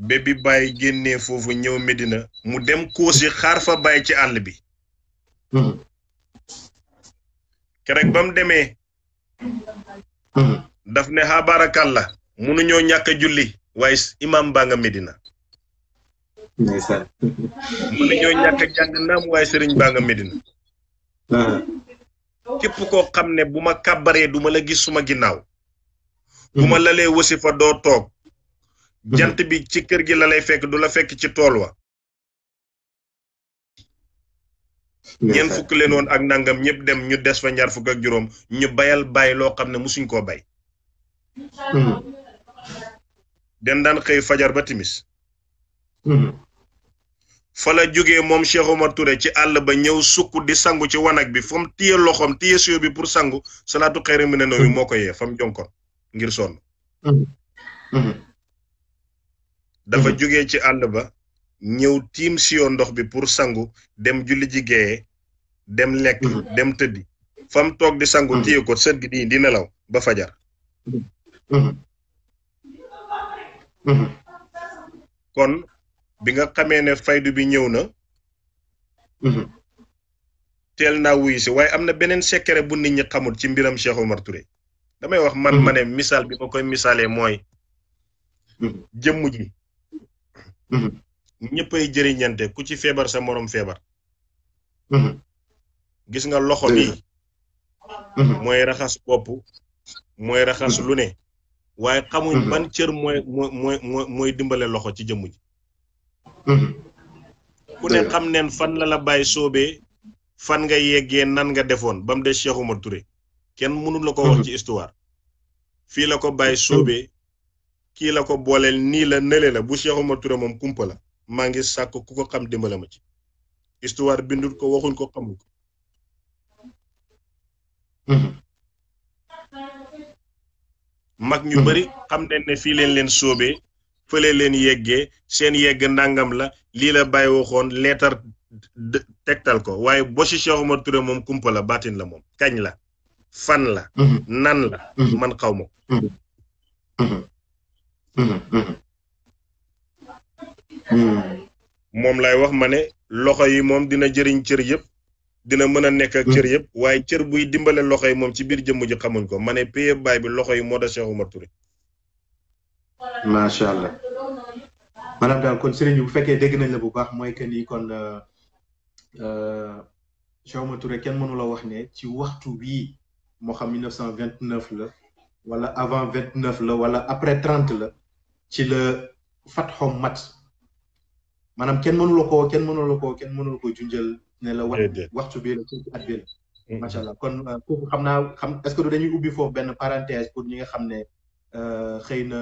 ba bi Baye génnee foofu ñëw Medina mu dem koosi xaar fa Baye ci àll bi Mm-hmm. keroog ba mu demee. Mm-hmm. daf ne xaabarakàlla munuñoo ñàkk a julli waaye imam baa nga Medina. ndeysaan. munuñoo ñàkk jàng naam waaye sëriñ baa nga Medina. Mm-hmm. képp koo xam ne bu ma kàbbaree du la gis suma ginnaaw. bu ma lalee wasifa doo toog. jant bi ci kër gi la lay fekk du la fekk ci tool wa. ñen fukk leen woon ak nangam ñëpp dem ñu des fa ñaar fukk ak juróom ñu bayal bay loo xam ne musuñ koo bay mm-hmm. den daan xëy fajar ba timis mm-hmm. fa la jógee moom cheikh omar touré ci àll ba ñëw sukk di sangu ci wanag bi fam téye loxom téye siyo bi pour sangu salaatu xëyre mu ne moo fam jonkon ngir sonn mm-hmm. dafa jógee ci àll ba ñëw tiim siyo ndox bi pour sangu dem julli jigéen dem lekk mhm. dem tëddi fam toog di sangu mhm. téye ko sët gi di di nelaw ba fajar mhm. kon bi nga xamee ne faydu bi ñëw na teel naa wuyu si waaye am na beneen secret bu nit ñi xamul ci mbiram Cheikh Omar damay wax man ma ne misaal bi ma koy misaalee mooy jëmm ji ñëppay jëriñante ku ci feebar sa moroom feebar. Mhm. gis nga loxo bi. Mhm. mooy raxas bopp mooy raxas mhm. lu ne. waaye xamuñ ban cër mooy mooy dimbale loxo ci jëmm ji. ku ne xam neen fan lala la bàyyi soobee fan nga yeggee nan nga defoon ba mu des Cheikh Oumar kenn mënu la ko wax ci histoire. fii la ko bàyyi soobee kii la ko booleel nii la nële la bu Cheikh Oumar Touré moom kumpa la. maa ngi sàkk ku ko xam dimbale ma ci histoire bindul ko waxuñ ko xamul ko mhm. ñu mhm. bari xam nañ ne fii leen leen sóobee fële leen yeggee seen yegg ndàngam la lii la bàyyi waxoon leetar tegtal ko waaye bosi Cheikh Omar Touré moom kumpa la baatin la moom kañ la fan la mhm. nan la man xaw ko mom hmm. lay wax mané loxo yi mom dina jëriñ cër yëpp dina mëna a nekk ak hmm. cër yëpp waye cër buy dimbalé loxo yi mom ci bir jëm ji xamuñ ko mané paye bay bi loxo yi mo da Cheikh Oumar Touré sha allah manam dal kon sëriñ bu féké dégg nañ la bu baax moy que ni kon euh, euh, Cheikh Oumar Touré kenn mënu la wax né ci waxtu bi mo xam 1929 la wala avant 29 la wala après 30 la ci le fatxom mat maanaam kenn mënulookoo koo kenn mënula koo kenn mënula koo junjal ne la waxtu bii la ci at bi macha allah kon euh, foofu xam naa xam est-ce que du dañuy ubbi foofu benn parenthèse pour ñi nga xam ne euh, xëy na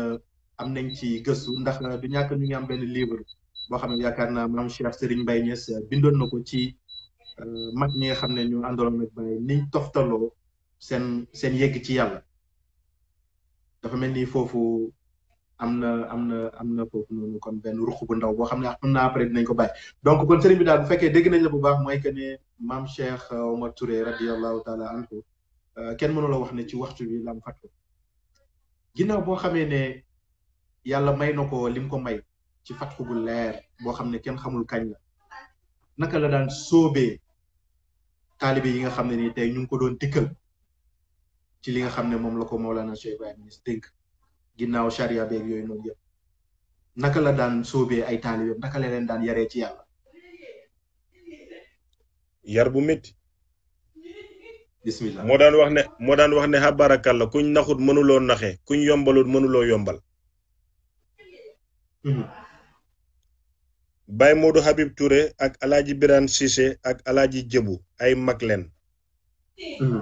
am nañ ci gëstu ndax euh, du ñàkk ñu ngi am benn livre boo xam ne yaakaar naa maam Cheikh Serigne Mbaye Niass bindoon na ko ci mag ñi nga xam ne ñu àndaloon ak Baye niñ toftaloo seen seen yegg ci yàlla dafa mel ni foofu am na am na am na foofu kon benn ruq bu ndaw boo xam ne xam ah, naa après ko bàyyi donc kon sëriñ bi daal bu fekkee dégg nañ la bu baax mooy que ne maam Cheikh euh, Omar Touré radiallahu taala anhu euh, kenn mënu la wax ne ci waxtu bi lam fàttu boo xamee ne yàlla may na ko lim ko may ci fatxu bu leer boo xam ne kenn xamul kañ la naka la daan soobe taalibe yi nga xam ne nii tey ñu ngi ko doon dikkal ci li nga xam ne moom la ko Mawlana Cheikh Ibrahima Niass ginnaaw sharia beeg yooyu naka la daan sóobee ay taalibeem naka la leen daan yaree ci yàlla. yar bu métti. bismillah moo daan wax ne moo daan wax ne xabarakalla kuñ naxut mënuloo naxee kuñ yombalut mënuloo yombal. Mhm. bay Modou Habib Touré ak Alaaji Birane Cissé ak Alaaji Jëbu ay mag leen. Mhm.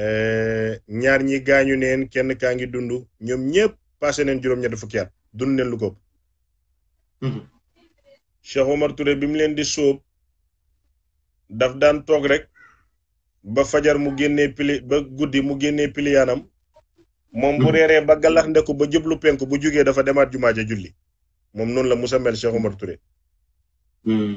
Eh, ñaar ñi gaañu neen kenn kaa ngi dund ñoom ñëpp passé neen juróom-ñett fukki at dund neen lu ko mhm. Cheikh Omar Touré bi mu leen di sóob daf daan toog rek ba fajar mu génnee pili ba guddi mu génnee piliyaanam moom bu mhm. reeree ba galax ndeku ba jublu penku bu jógee dafa demaat jumaa julli moom noonu la Moussa mel Cheikh Omar Touré mhm.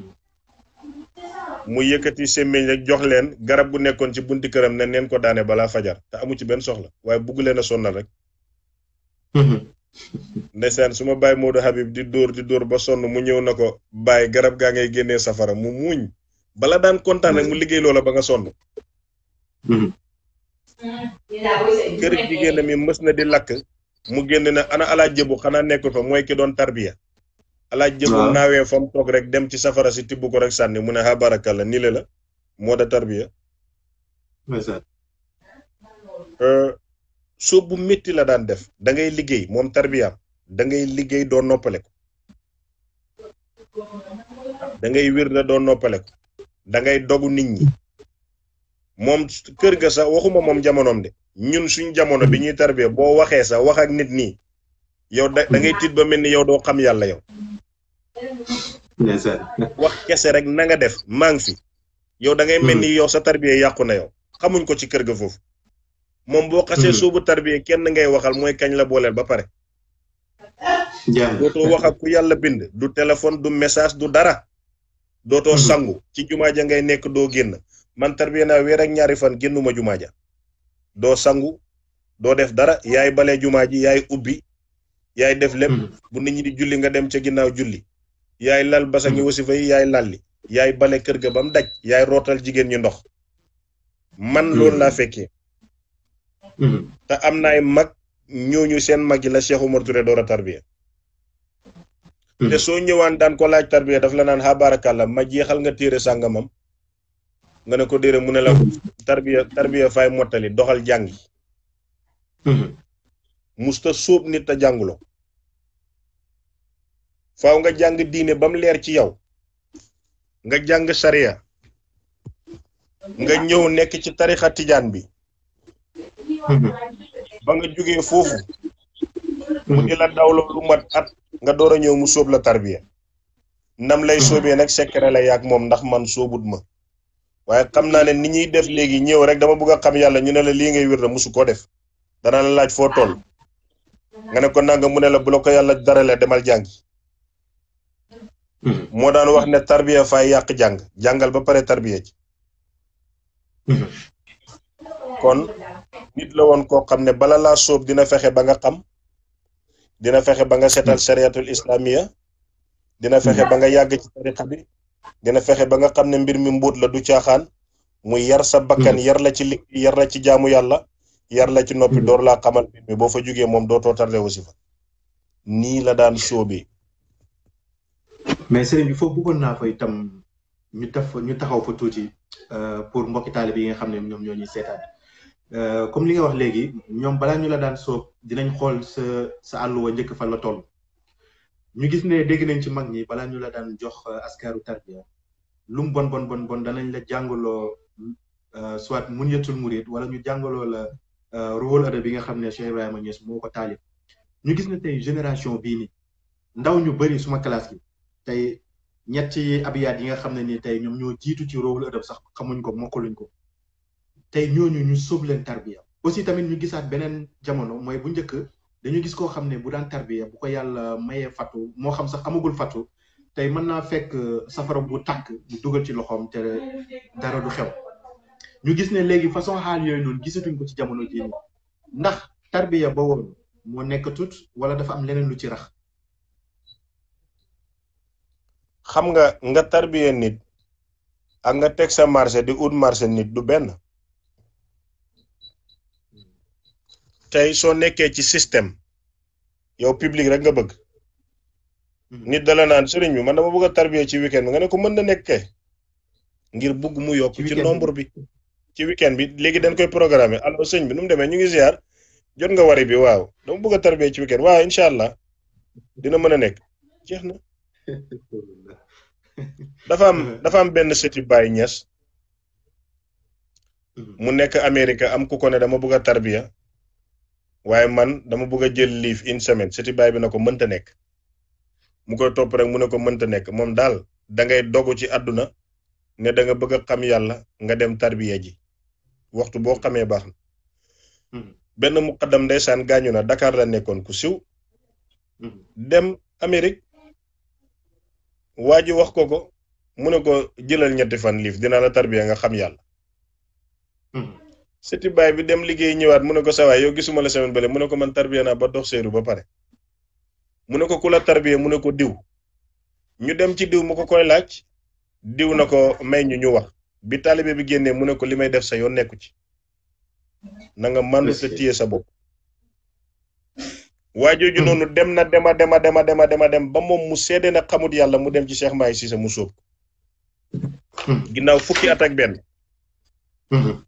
mu yëkkati semmeñ rek jox leen garab bu nekkoon ci bunti këram ne neen ko daane bala fajar te amu ci benn soxla waaye bugg leen a sonnal rek suma bàyyi Modou Habib di dóor di dóor ba sonn mu ñëw na ko bàyyi garab gaa ngay génnee safara mu muuñ bala daan kontaan rek mu liggéey loola ba nga sonn kër jigéen mi mës di lakk mu génn na ana ala jëbu xanaa nekkul fa mooy ki doon tarbiya alaaj jëmul naawee fam toog rek dem ci safara si tibb ko rek sànni mu ne ha baraka la le la moo da tarbiya euh, soo bu métti la daan def da ngay liggéey moom tarbiyaam da ngay liggéey doo noppale ko da ngay wir da doo noppale ko da ngay dogu nit ñi moom kër ga sa waxuma moom jamonoom de ñun suñ jamono bi ñuy tarbiya boo waxee sa wax ak nit nii yow da ngay tit ba mel yow doo xam yàlla yow wax kessé rek na nga def mang fi yow da ngay melni ni hmm. yow sa tarbiya yàqu na yow xamuñ ko ci kër ga fofu mom bo xasse hmm. suubu tarbiya kenn ngay waxal moy kañ la booleel ba pare dootoo wax ak ku yalla bind du téléphone du message du dara doto hmm. sangu ci juma ja ngay nek do genn man tarbiya na wé rek ñaari fan gennuma juma ja do sangu do def dara yaay balé juma ji yaay ubbi yaay def lem, bu nit ñi di julli nga dem ci ginnaw julli yaay lal basangi hmm. wasifa yi yaay lalli yaay balé kër ga bam daj yaay rotal jigen ñu ndox man hmm. lool la fekkee hmm. ta am naay mag ñooñu seen mag la cheikh omar touré door tarbiya te so ñewaan daan ko laaj tarbiya daf la naan barakallah ma jeexal nga téré sangamam nga ne ko déré mu ne la tarbiya tarbiya fay motali doxal jangi musta soob nit te faaw nga jàng diine bam leer ci yow nga jàng sharia nga ñëw nekk ci tarixa tijaan bi ba nga jógee foofu mu di la dawlo lu mat at nga door a ñëw mu sóob la tarbiya nam lay soobee nag secret la yaag moom ndax man soobut ma waaye xam naa ne ni ñuy def léegi ñëw rek dama bëgg xam yàlla ñu ne la lii ngay wér musu koo def dana la laaj foo toll nga ne ko nanga mu ne la bu la ko yàlla demal jàngi Mm-hmm. mo daan wax ne tarbiya fay yàq jàng jàngal ba pare tarbiya ci mm-hmm. kon nit la woon koo xam ne bala laa sóob dina fexe ba nga xam dina fexe ba nga setal mm-hmm. shariatul islamia dina fexe ba nga yàgg ci tariqa bi dina fexe ba nga xam ne mbir mi mbuut la du caaxaan muy yar sa bakkan yar la ci yar la ci jaamu yàlla yar la ci noppi door laa xamal mbir mi boo fa nila moom dootoo fa nii la daan sóobee mais sëriñ bi foo bëggoon naa fa itam ñu taf ñu taxaw fa tuuti pour mbokki taalib yi nga xam ne ñoom ñoo ñuy seetaan comme li nga wax léegi ñoom balaa ñu la daan soob dinañ xool sa sa wa njëkk fa la toll ñu gis ne dégg nañ ci mag ñi balaa ñu la daan jox uh, askaru tarbiya mu bon bon bon bon danañ la jàngaloo uh, soit mun yëttul murid wala ñu jàngaloo la ruhul ada bi nga xam ne Cheikh Ibrahima niès moo ko taalib ñu gis ne tey génération bii ni ndaw ñu bëri suma classe gi tey ñetti abiyaat yi nga xam ne ni tey ñoom ñoo jiitu ci roowul ëdëb sax xamuñ ko mokkaluñ ko tey ñooñu ñu sóob leen tarbiya aussi tamit ñu gisaat beneen jamono mooy bu njëkk dañu gis koo xam ne bu daan tarbiya bu ko yàlla mayee fatu moo xam sax amagul fatu tey mën naa fekk safara bu tànk bu dugal ci loxoom te dara du xew ñu gis ne léegi façon xaal yooyu noonu gisatuñ ko ci jamono jii ndax tarbiya ba woon moo nekk tut wala dafa am leneen lu ci rax xam nga nga tarbiye nit ak nga teg sa marché di ut marché nit du benn tey soo nekkee ci système yow public rek nga bëgg hmm. nit dala naan sëriñ bi man dama bëgg a tarbiye ci weekend bi nga ne ko mën na nekkee ngir bugg mu yokk ci nombre bi ci weekend bi léegi dañ koy programmer allo sëñ bi nu mu demee ñu ngi ziar jot nga wari bi waaw dama bëgg a tarbiye ci weekend waaw incha allah dina mën a nekk jeex na dafa am dafa am benn sëti Baye Niass hmm. mu nekk Amérique am ku ko ne dama bëgg a tarbiya waaye man dama bëgg a jël liif une semaine sëti Baye bi na ko mënta nekk mu koy topp rek mu ne ko mënta nekk moom daal da ngay dogu ci àdduna ne da nga bëgg xam yàlla nga dem tarbiya ji waxtu boo xamee baax na. Hmm. benn muqaddam ndeysaan gaañu na Dakar la nekkoon ku siw. Hmm. dem Amérique waji wax ko ko mu ko jëlal ñetti fan liif dina la tarbiya nga xam yàlla hmm. seti bay bi dem liggéey ñëwaat mu ne ko sawaay yow gisuma la semaine bële mu ne ko man tarbiya naa ba dox seeru ba pare mu ne ko ku la tarbiya mu ne ko diw ñu dem ci diw mu ko koy laaj diw na ko may ñu ñu wax bi talibé bi génnee mu ko li def sa yoon nekku ci na nga màndu sa sa bopp ju hmm. nonu dem na dema dema dema dema dema dem ba mom mu sédé na xamut yalla mu dem ci Cheikh Mbaye Cissé mu sóob hmm. ginnaw fukki at ak benn hmm.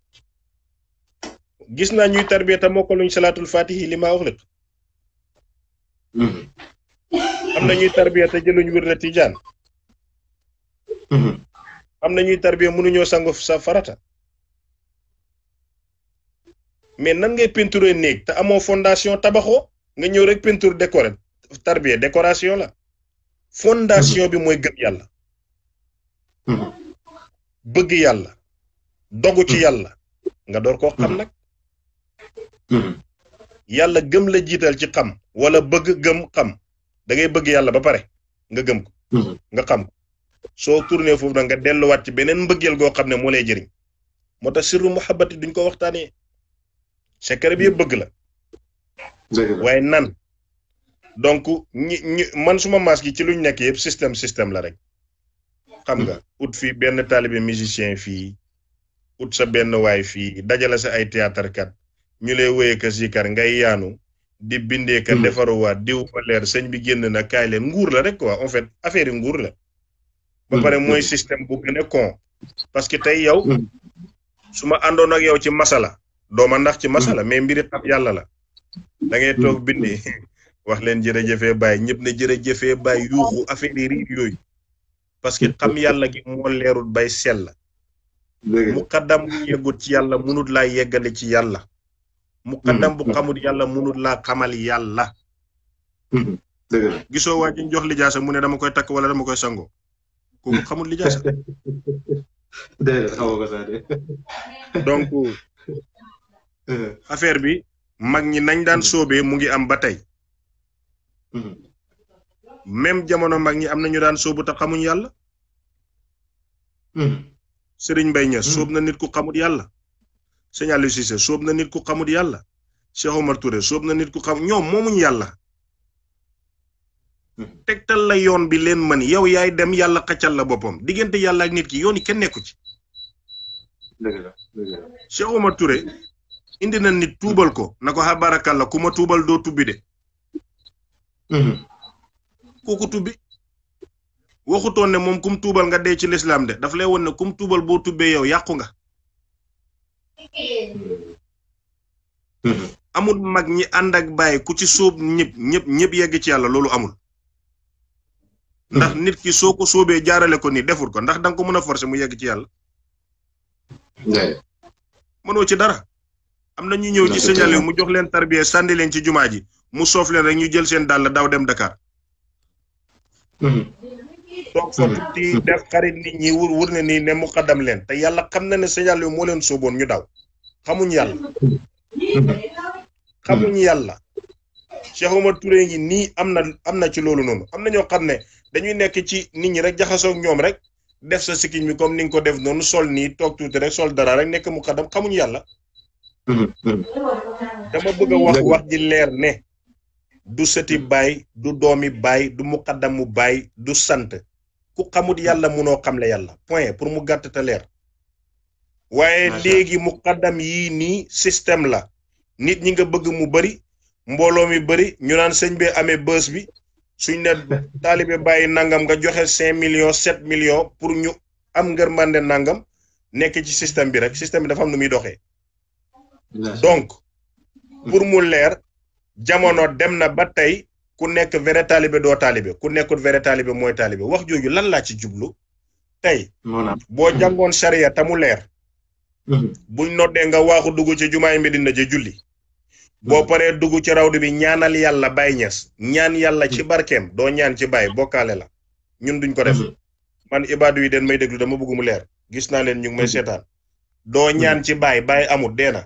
gis na ñuy tarbiya ta moko luñ salatul fatihi lima wax lepp am na ñuy tarbiya te jëluñ wirda tijaan am na ñuy mënu ñoo sangu sa farata mais nan ngay peinturer néeg te amoo fondation tabaxoo nga ñëw rek peinture décoré tarbiya décoration la fondation mhm. bi moy gëm yàlla mhm. bëgg yalla dogu ci mhm. yalla nga door ko xam nag yalla gëm la jital ci xam wala bëgg gëm xam da ngay bëgg yalla ba paré nga gëm ko nga xam so tourné foofu nag nga ci benen mbëggeel go xam mo lay jëriñ moo sirru muhabbati duñ ko secret bi bëgg la waaye nan donc ñi ñi man suma masque gi ci luñ nekk yëpp système système la rek xam nga hmm. ut fi benn taalibe musicien fii ut sa benn waay fii dajala sa ay théâtre kat ñu lay wéyee ka zikar ngay yaanu di bindee ka hmm. defaruwaat diw ma leer sëñ bi génn na kaay nguur la rek quoi en fait affaire yi nguur la ba hmm. pare mooy système bu gën a con parce que tey yow suma àndoon ak yow ci masala dooma ndax ci masala mais mbiri tab yàlla la da ngay toog mm. bindi wax leen jërëjëfee bàyyi ñëpp ne jërëjëfee bàyyi yuuxu affaire yi yooyu parce que xam yàlla gi moo leerul bay sell muqaddam bu yeggut ci yàlla munut laa yeggale ci yàlla muqaddam bu mm. xamut yàlla munut laa xamal yàlla mm-hmm. gisoo waa jox lijaasa mu ne dama koy takk wala dama koy sango kooku xamul lijaasa donc eh. affaire bi mag ñi nañ daan mm-hmm. soobee mu ngi am ba tey mm-hmm. même jamono mag ñi am nañu daan soobu te xamuñ yàlla sëriñ mbay ña soob na nit ku xamut yàlla sëñ Aliou Cissé soob na nit ku xamut yàlla Cheikh Omar Touré soob na nit ku xam ñoom moomuñ yàlla mm-hmm. tegtal la yoon bi leen yow yaay dem yàlla xaccal la boppam diggante yàlla ak nit ki yoon kenn nekku ci Cheikh Omar Touré indi na nit tuubal ko na ko xabarakalla ku ma tuubal doo tubbi de mhm. kooku tubbi waxutoon ne moom kum tuubal nga dee ci lislaam de daf lay woon ne kum tuubal boo tubbee yow yàqu nga mhm. amut mag ñi ànd ak bàyyi ku ci sóob ñëpp ñëpp yegg ci yàlla loolu amul mhm. ndax nit ki soo ko sóobee jaarale ko nii deful ko ndax danga ko mën a forcer mu yegg ci yàlla mënoo ci dara am na ñu ñëw ci signalé mu jox leen tarbiya sànni leen ci jumaa ji mu soof leen rek ñu jël seen dàll daw dem Dakar. Mhm. toog fa tuuti mhm. def xarit nit ñi wur wur na nii ne mu xaddam leen te yàlla xam na ne signalé moo leen sóoboon ñu daw xamuñ yàlla. Mhm. xamuñ yàlla. Cheikh Omar Touré ngi nii am na am na ci loolu noonu am na ñoo xam ne dañuy nekk ci nit ñi rek jaxasoo ñoom rek def sa sikkiñ bi comme ni ko def noonu sol nii toog tuuti rek sol dara rek nekk mu xaddam xamuñ yàlla. dama bëgg wax wax ji leer ne du sëti baay du doomi baay du mu baay du sant ku xamut yàlla munoo xamle yàlla point pour mu gàtt te leer waaye léegi muqaddam yi nii système la nit ñi nga bëgg mu bari mbooloo mi bari ñu naan sëñ bee amee bës bi suñ ne taalibe bàyyi nangam nga joxe cinq millions sept millions pour ñu am ngërmande nangam nekk ci système bi rek système bi dafa am nu muy doxee donc pour mu leer jamono dem na ba tey ku nekk vrai taalibe doo taalibe ku nekkul vrai taalibe mooy taalibe wax jooju lan laa ci jublu tey. boo jàngoon sariya te mu leer. Mhm. buñ noddee nga waaxu dugg ci jumaay Medina ja julli. boo mhm. paree dugg ci rawdu bi ñaanal yàlla Baay ñes ñaan yàlla ci mhm. barkeem doo ñaan ci Baay bokkaale la ñun duñ ko def. man ibaadu yi den may déglu dama bëgg mu leer gis naa leen ñu ngi may seetaan. doo ñaan ci bay Baay amul dee na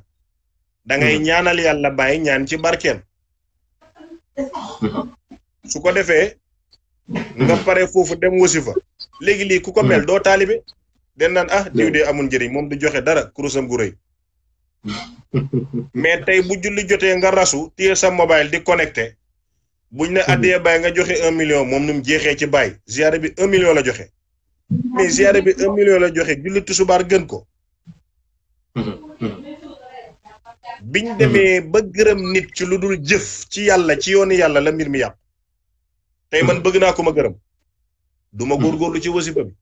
da ngay mm. ñaanal yàlla bàyyi ñaan ci barkeem su ko defee nga mm. pare foofu dem wasi fa léegi lii ku ko mel mm. doo taalibe den naan ah diw amul njëriñ moom du joxe dara kurusam gu rëy mais tey bu julli jotee nga rasu téye sa mobile di connecté buñ ne addee ah, bàyyi nga joxe un million moom num jeexee ci bàyyi ziare bi un million la joxe mais ziare bi un la joxe julli tusubaar gën ko biñ demee ba gërëm nit ci lu dul jëf ci yàlla ci yoonu yàlla la mbir mi yàpp tey man bëgg naa ko ma gërëm du ma góorgóorlu ci wasifa bi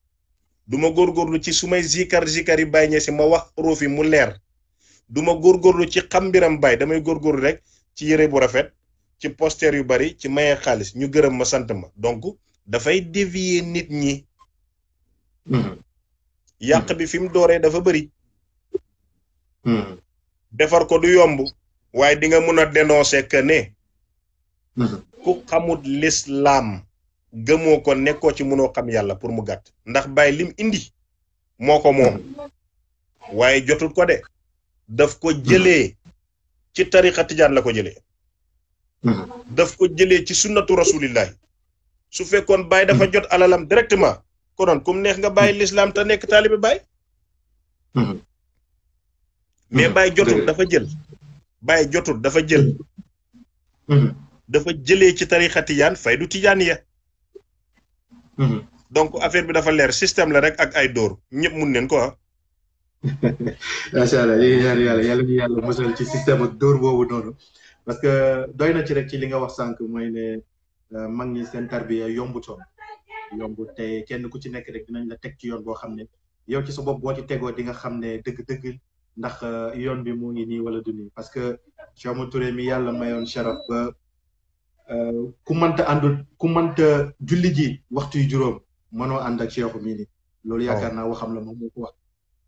du ma góorgóorlu ci su may zikar zikar yi bàyyi ñe si ma wax roofi mu leer du ma góorgóorlu ci xam mbiram bàyyi damay góorgóorlu rek ci yére bu rafet ci poster yu bari ci maye xaalis ñu gërëm ma sant ma donc dafay dévier nit ñi hmm. yàq bi fi mu dooree dafa bëri hmm. defar ko du yomb waaye di nga mun a dénoncer que ne mhm. ku xamut lislaam gëmoo ko nekkoo ci mënoo xam yàlla pour mu gàtt ndax bàyyi lim indi moo ko moom mhm. waaye jotul ko de daf ko jëlee ci tariqa tijaan la ko jëlee mhm. daf ko jëlee ci sunnatu rasulillahi su fekkoon bàyyi dafa jot alalam directement konoon kum neex nga bàyyi lislaam te nekk taalibe bàyyi mais mm-hmm. bàyyi mm-hmm. jotul dafa jël. bàyyi jotul dafa jël. dafa jëlee ci tarixa tijaan faydu tijaan ya mm-hmm. donc affaire bi dafa leer système la rek ak ay dóor ñëpp mun neen ko ah. macha allah yàlla yàlla yàlla mosal ci système ak dóor boobu noonu parce que doy na ci rek ci li nga wax sànq mooy ne euh, mag ñi seen tarbiya yombutoon yombu te kenn ku ci nekk rek dinañ la teg ci yoon boo xam ne yow ci sa bopp boo ci tegoo di nga xam ne dëgg-dëgg. ndax yoon eh, bi mu ngi nii wala du nii parce que Cheikh Amadou Touré mi yàlla mayoon sharaf ba ku mënta ànd ku mënta julli ji waxtu yu juróom mënoo ànd ak Cheikh mii nii loolu yaakaar naa waxam la moom moo ko wax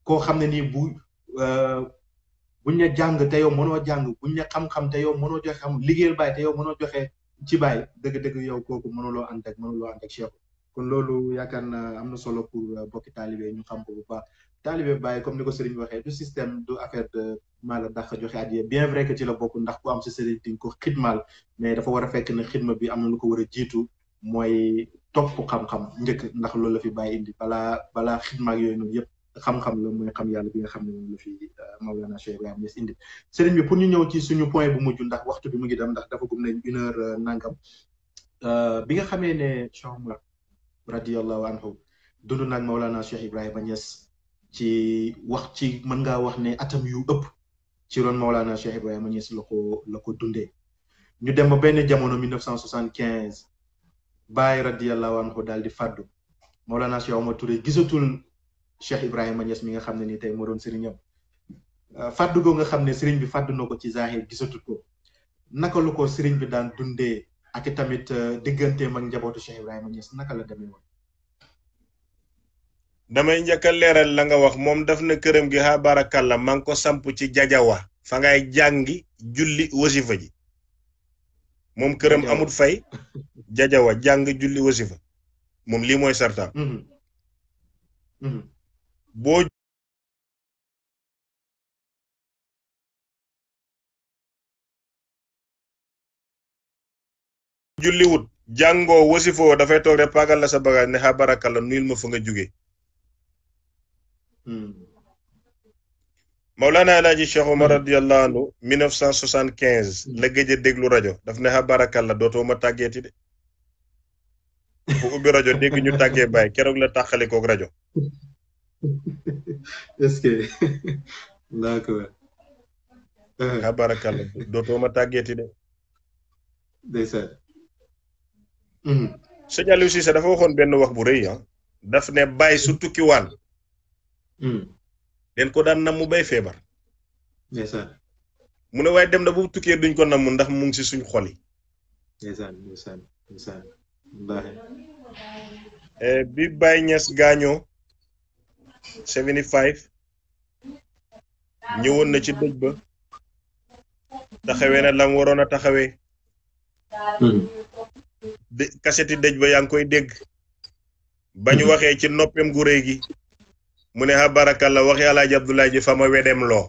koo xam ne nii bu buñ ne jàng te yow mënoo jàng buñ ne xam-xam te yow mënoo joxe xam liggéeyal bàyyi te yow mënoo joxe ci bàyyi dëgg-dëgg yow kooku mënuloo ànd ak mënuloo ànd ak Cheikh kon loolu yaakaar naa am na solo pour bokki taalibe ñu xam ko bu baax taalibe bàyyi comme ni ko sëriñ waxee du système du affaire de maala dàq joxe addiya bien vrai que ci la bokk ndax ku am si sëriñ di nga ko mais dafa war a fekk ne xidma bi am na lu ko war a jiitu mooy topp xam-xam njëkk ndax loolu la fi bàyyi indi balaa balaa xidmaak yooyu noonu yëpp xam-xam la mooy xam yàlla bi nga xam ne moom la fi euh, Maulana Cheikh Ibrahima Niass indi sëriñ bi pour ñu ñëw ci suñu point bu mujj ndax waxtu bi mu ngi dem ndax dafa gum nañ euh, euh, bi nga xamee ne Cheikh Omar radiallahu anhu dund naag Maulana Cheikh Ibrahima Niass ci wax ci mën ngaa wax ne atam yu ëpp ci ron Maulana Cheikh Ibrahima Niass la ko la ko dundee ñu dem ba benn jamono 1975 Baye radiyallahu anhu daal di fàddu Maulana Cheikh Omar Touré gisatul Cheikh Ibrahima Niass mi nga xam ne nii tey moo doon sëriñam euh, fàddu goo nga xam ne sëriñ bi fàddu na ko ci zahir gisatu ko naka lu ko sëriñ bi daan dundee ak tamit euh, digganteem ak njabootu Cheikh Ibrahima Niass naka la demee woon. damay njëkk a leeral la nga wax moom daf na këram gi ha barakalla maa ngi samp ci jajawa fa ngay jàngi julli wasifa ji moom këram amut fay jajawa jàng julli wasifa moom lii mooy sartaam mm-hmm. Mm-hmm. boo julliwut dafay toog paagal la sa bagage ne ha barakalla nuyul ma fa nga jóge Mm. Mawlana El Hadji Cheikh Omar radiyallahu anhu 1975 la gëj déglu rajo daf ne xa barakalla dootoo ma tàggeeti de bu ubbi rajo dégg ñu tàggee bàyyi keroog la tàqale koog rajo. est-ce que d'accord. xa barakalla dootoo de. ndeysaan. sëñ Aliou dafa waxoon benn wax bu rëy ah. daf ne bàyyi su tukkiwaan. Hmm. den ko daan namm bay feebar. ndeysaan mu ne waaye dem na bu tukkee duñ ko namu ndax mu ngi si suñ xol yi. ndeysaan ndeysaan gaaño eh, bi Baye ñëwoon na ci dëj ba. taxawee na lam waroon a taxawee. Hmm. de kaseti dëj ba yaa ngi koy dégg. ba ñu waxee ci noppem gu rëy gi. mu ne xa barakalla waxi alaaji Abdoulaye ji fa ma wedem loo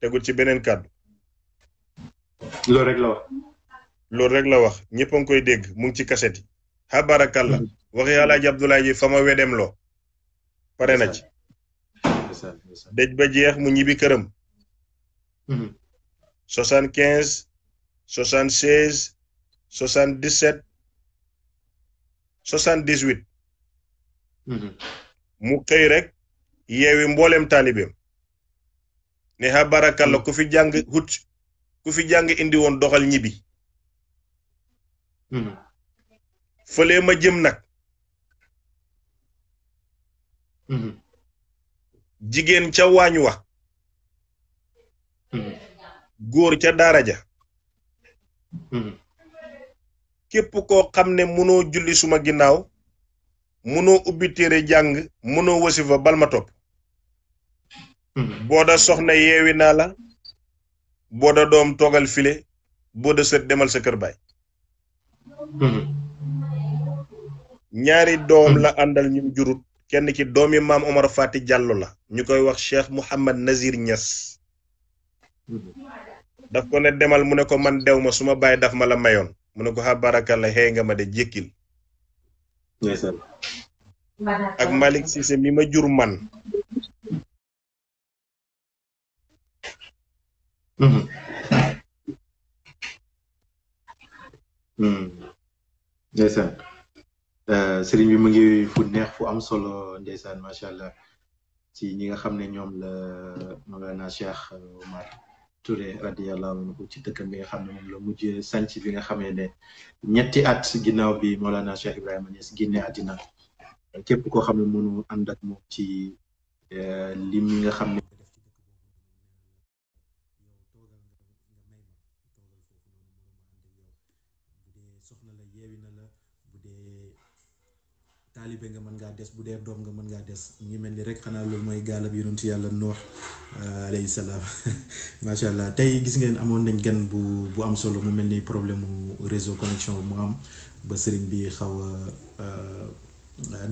tegul ci beneen kàddu loolu rek la wax loolu ñëpp a ngi koy dégg mu ngi ci kaset yi xa barakalla waxi alaaji Abdoulaye ji fa ma wedem pare na ci dëj ba jeex mu ñibbi këram mhm. soixante quinze soixante seize soixante dix sept soixante dix huit Mm-hmm. mu xëy rek yeewi mbooleem taalibeem ne xa barakalla ku fi jàng hut ku fi indi won doxal ñibbi mm-hmm. fëlee ma jëm nag mm-hmm. jigéen ca waañ wa góor ca daara ne julli suma Muno ubbi téere muno mënoo wasifa bal ma top boda dom soxna yewi nala boda dom togal file demal sa kër dom ñaari la andal ñu jurut kenn ki doomi mam Omar Fati Diallo la ñu wax Cheikh muhammad Nazir nyas daf ko ne demal mu ne ko man dew ma su daf mala mayon mu ne ko nga ma de jekil ak Malick Cissé mi ma jur man. Mhm. Mhm. ndeysaan euh, sëriñ bi mu ngi fu neex fu am solo ndeysaan macha allah ci ñi nga xam ne ñoom la Mawlana Cheikh Omar Touré radiyallahu anhu ci dëkkam bi nga xam ne bi nga xamee ne ñetti at ginnaaw bi Mawlana Cheikh Ibrahima Niass a àddina képp koo xam ne mënu ànd ak moom ci eh, lim yi nga xam ne taalibe nga mën ngaa des bu dee doom nga mën ngaa des ñu mel ni rek xanaa loolu mooy gaalab yonent yàlla noox euh, alayhi salaam macha allah tey gis ngeen amoon nañ gan bu bu am solo mu mel ni problème mu réseau connexion mu am ba sëriñ bi xaw a euh,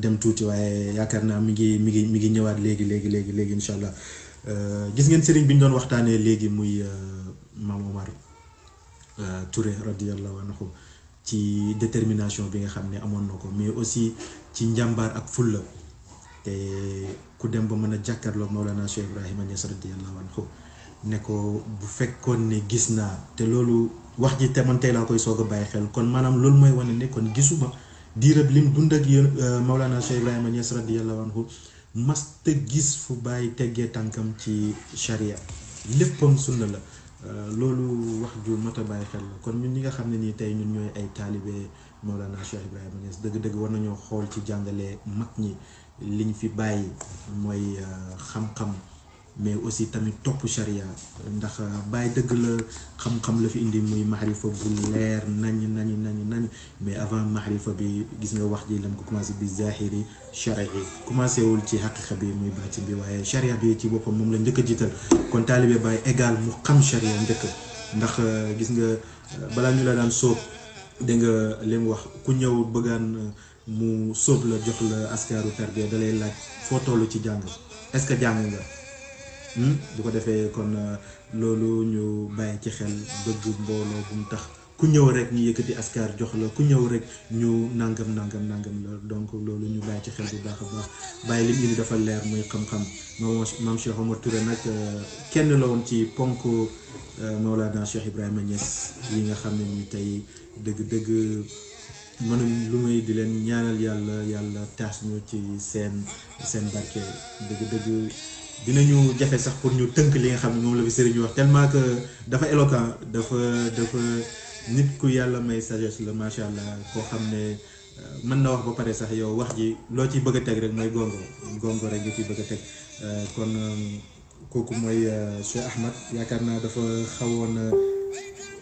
dem tuuti waaye yaakaar naa mi ngi mi ngi mi ngi ñëwaat léegi léegi léegi léegi incha allah euh, gis ngeen sëriñ bi ñu doon waxtaanee léegi muy Maam Omar Touré radiyallahu anhu ci détermination bi nga xam ne amoon na ko mais aussi ci njàmbaar ak fulla te ku dem ba mën a jàkkaarloo Mawlana Cheikh Ibrahima Niass radiyallahu anhu ne ko bu fekkoon ne gis naa te loolu wax ji te man tey laa koy soog a bàyyi xel kon maanaam loolu mooy wane ne kon gisuma diirab lim dund ak yéen euh, Mawlana Cheikh Ibrahima Niass radiyallahu anhu masta gis fu bàyyi teggee tànkam ci charia léppam sunna la Euh, loolu wax ju mat a bàyyi xel la kon ñun ñi nga xam ne nii tey ñun ñooy ay moo taalibe Mawlana Cheikh Ibrahima Niass dëgg-dëgg war nañoo xool ci jàngale mag ñi li ñu fi bàyyi mooy euh, xam-xam mais aussi tamit topp charia ndax euh, bàyyi dëgg la xam-xam la fi indi muy maxarifa bu leer nañ nañ nañ nañ mais avant maxarifa bi gis nga wax ji lam ko commencé bi zahiri charia commencé wul ci xaqiqa bi muy baatin bi waaye charia bi ci boppam moom la njëkk a jiital kon taalibe bàyyi égal mu xam charia njëkk ndax euh, gis nga euh, balaa ngi la daan soob dégg nga li wax ku ñëw bëggaan mu sóob la jox la askaru tarbiya da lay laaj foo tollu ci jàng est-ce que jàng nga Hmm? bu ko defee kon euh, loolu ñu bàyyi ci xel bëgg mbooloo bu mu tax ku ñëw rek ñu yëkkati askar jox la ku ñëw rek ñu nangam nangam nangam la donc loolu ñu bàyyi ci xel bu baax a baax bàyyi lim indi dafa leer muy xam-xam moom maam Cheikh Omar Touré nag euh, kenn la ci ponk euh, Maolana Cheikh Ibrahima Niass yi nga xam ne tey dëgg-dëgg lu may di leen ñaanal yàlla yàlla taas ñu ci seen seen barke dinañu jafé sax pour ñu teunk li nga xamni mom la fi serigne wax tellement que dafa éloquent dafa dafa nit ku yalla may sagesse la ma sha Allah ko xamne euh, mën na wax ba paré sax yow wax ji lo ci bëgg tek rek moy gongo gongo rek ci bëgg tek euh, kon euh, koku moy cheikh ahmad yakarna dafa xawone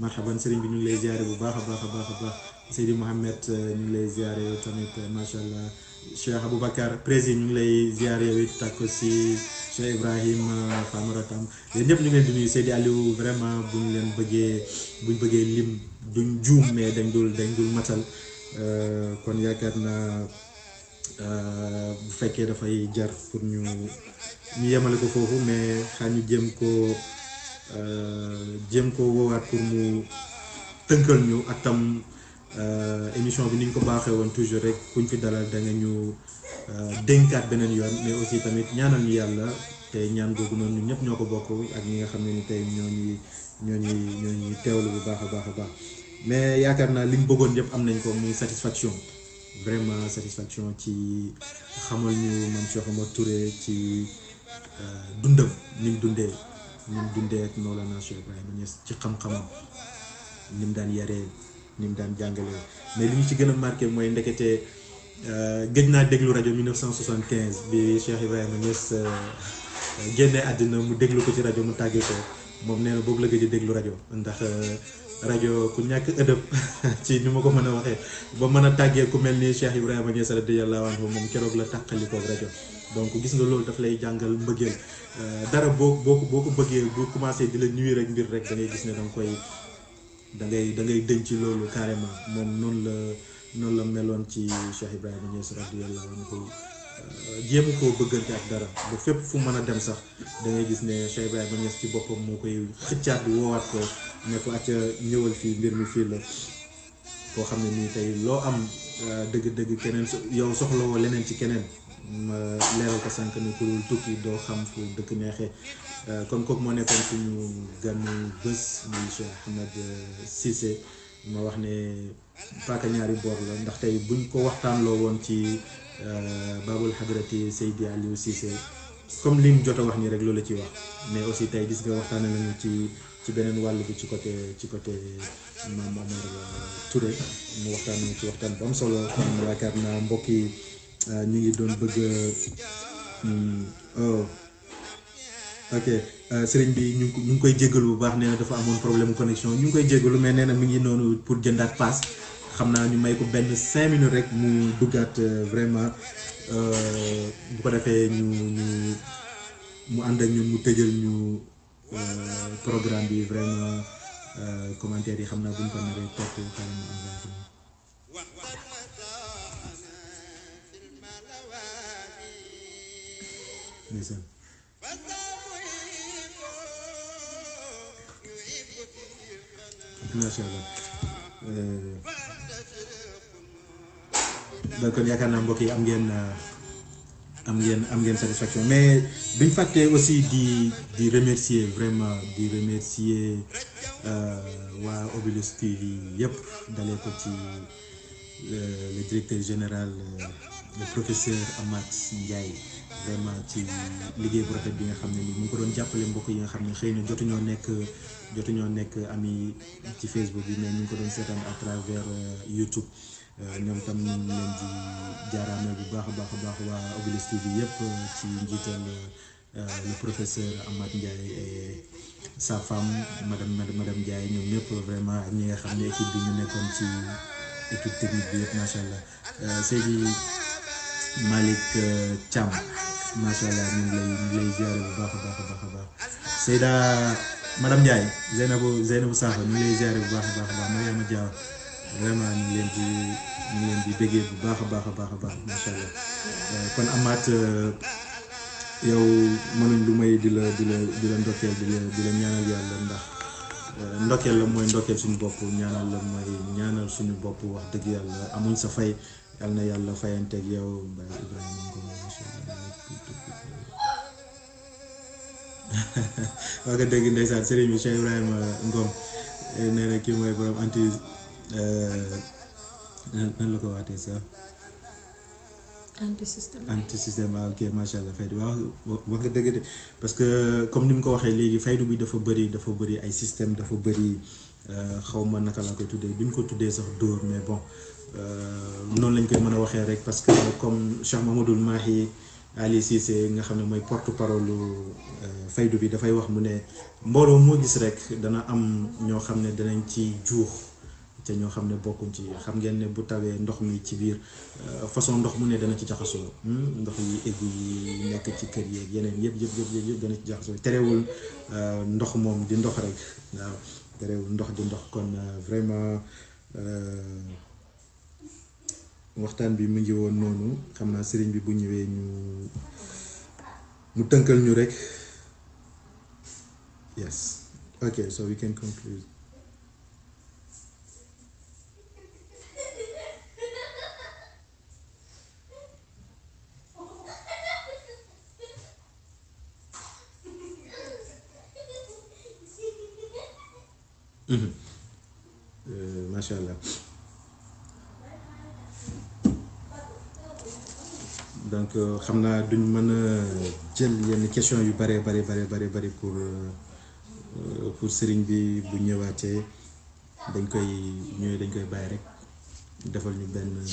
marhaban sëriñ bi ñu ngi lay ziare bu baax a baax a baax a baax Seydi Mouhamed euh, ñu ngi lay ziare yow tamit euh, macha ñu ngi lay ziare yow si Cheikh Ibrahim euh, Famara Tam yéen ñépp ñu ngi leen di nuyu Seydi Aliou vraiment bu ñu leen bëggee buñ bëggee lim duñ juum mais dañ dul dañ dul matal kon yaakaar na bu fekkee dafay jar pour ñu ñu yemale ko foofu mais xaa ñu jëm ko jéem ko woowaat pour mu tënkal ñu ak tam euh, émission bi ni ñu ko baaxee woon toujours rek kuñ fi dalal da ñu euh, dénkaat beneen yoon mais aussi tamit ñaanal ñu yàlla te ñaan googu noonu ñun ñëpp ñoo ko bokk ak ñi nga xam ne ni tey ñoo ñuy ñoo ñuy ñoo ñuy teewlu bu baax a baax a baax mais yaakaar naa li mu bëggoon yëpp am nañ ko muy satisfaction vraiment satisfaction ci xamal ñu Mame Cheikh Omar Touré ci euh, dundam niñ dundee. ñu dundee ak Mawlana Cheikh Ibrahima Niass ci xam-xamam ni mu daan yaree ni mu daan jàngalee mais li ñu ci gën a marqué mooy ndekete euh, gëj naa déglu rajo 1975 bi Cheikh Ibrahima Niass euh, génne àddina mu déglu ko ci rajo mu tàggee moom nee na boobu la gëj a déglu rajo ndax euh, rajo ku ñàkk ëdëb ci ni ma ko mën a waxee ba mën a tàggee ku mel ni Cheikh Ibrahima Niass radiyallahu anhu moom keroog la tàqali ko rajo. donc gis nga loolu daf lay jàngal mbëggeel euh, dara boo boo ko boo ko bëggee bu commencé di la ñuy rek mbir rek da gis ne da koy da ngay da ngay denc loolu carrément moom noonu la noonu la meloon ci Cheikh Ibrahima Niass radiyallahu anhu euh, jéem koo bëggante ak dara fépp fu mën a dem sax da ngay gis ne Cheikh Ibrahima Niass ci boppam moo koy xëccaat bi woowaat ko ne ko acca ñëwal fii mbir mi fii la koo xam ne nii tey loo am euh, dëgg-dëgg keneen yow soxla soxlawoo leneen ci keneen ma leeral ko sànq ni kuréel tukki doo xam fu dëkk neexee euh, kon kooku moo nekkoon suñu ganu bés muy Cheikh Ahmed euh, Cissé ma wax ne paaka ñaari boor la ndax tey buñ ko waxtaanloo woon ci euh, babul xadrati Seydi Aliou Cissé comme lim jot wax nii rek loolu la ciy wax mais aussi tey gis nga waxtaane nañu ci ci beneen wàll bi ci côté ci côté maam Omar Touré mu waxtaan ci waxtaan bu am solo kon yaakaar naa mbokk yi ñu ah, ngi doon bëgg hmm, oh ok ah, sëriñ bi ñu ngi koy jégalu bu baax nee na dafa amoon problème connexion ñu ngi koy jégalu mais nee na mi ngi noonu pour jëndaat pass xam naa ñu may ko benn cinq minutes rek mu duggaat eh, vraiment bu ko defee ñu ñu mu ànd ak ñun mu tëjal ñu eh, programme bi vraiment commentaire yi xam naa buñ ko naree topp ndeysaan macha allah donc il y a quand même ngeen am ngeen am satisfaction mais duñ fait, eh, aussi di di remercier vraiment di remercier euh, wa Obilus TV yëpp dalee ci euh, le directeur général euh, le professeur Amath Ndiaye. vraiment ci liggéey bu rafet bi nga xam ne ni mu ngi ko doon jàppale mbokk yi nga xam ne xëy na jotuñoo nekk jotuñoo nekk ami ci Facebook bi mais ñu ngi ko doon seetaan à travers euh, YouTube euh, ñoom tam ñu ngi leen di bu baax a baax a baax waa Obelus TV yëpp euh, ci njiital le professeur Amath Ndiaye et sa femme madame madame Ndiaye ñoom ñëpp vraiment ñi nga xam ne équipe bi ñu nekkoon ci équipe technique bi yëpp macha allah Seydi Malick Thiam. Masyaallah allah ñu ngi lay ñu ngi lay ziare bu baax a baax a baax a baax Seyda madame Ndiaye Zeynabu Zeynabu Sakho ñu ngi lay ziare euh, bu baax a baax a baax Mariama vraiment ñu leen di ñu leen di bëggee bu baax baax baax baax macha kon amaat euh, yow mënuñ lu may di la di la di la ndokkeel di la di la ñaanal yàlla ndax euh, ndokkeel la mooy ndokkeel suñu bopp ñaanal la mooy ñaanal suñu bopp wax dëgg yàlla amuñ sa fay yàlla na yàlla fayanteeg yow Baye Ibrahima ko macha allah waa nga dégg ndeysaan Serigne bi Cheikh Ibrahima Ngom eh, nee na kii mooy borom anti eh, nan la ko waatee sax. anti système anti système waaw ah, ok macha allah Fayda waaw wax nga dëgg de parce que comme ni mu ko waxee léegi faydu bi dafa bëri dafa bëri ay système dafa bëri eh, xaw ma naka laa koy tuddee duñ ko tuddee sax dóor mais bon noonu lañ koy mën a waxee rek parce que comme Cheikh Mamadou Mahi. Ali nga xam ne mooy porte parole euh, faydu bi dafay wax mu ne mbooloo moo gis rek dana am ñoo xam ne danañ ci juux te ñoo xam ne bokkuñ ci xam ngeen ne bu tawee ndox mi ci biir euh, façon ndox mu ne dana ci jaxasoo hmm? ndox yi égu yi nekk ci kër yeeg yeneen yëpp yëpp yëpp yëpp dana ci jaxasoo terewul euh, ndox moom di ndox rek waaw terewul ndox di ndox kon vraiment. waxtaan bi mu ngi woon noonu xam naa sëriñ bi bu ñëwee ñu mu tënkal ñu rek yes okay so we can conclude mm Euh, Mashallah. donc xam euh, naa duñ a jël yenn question yu bare bare bare bare pour euh, euh, pour sëriñ bi bu ñëwaatee dañ koy dañ koy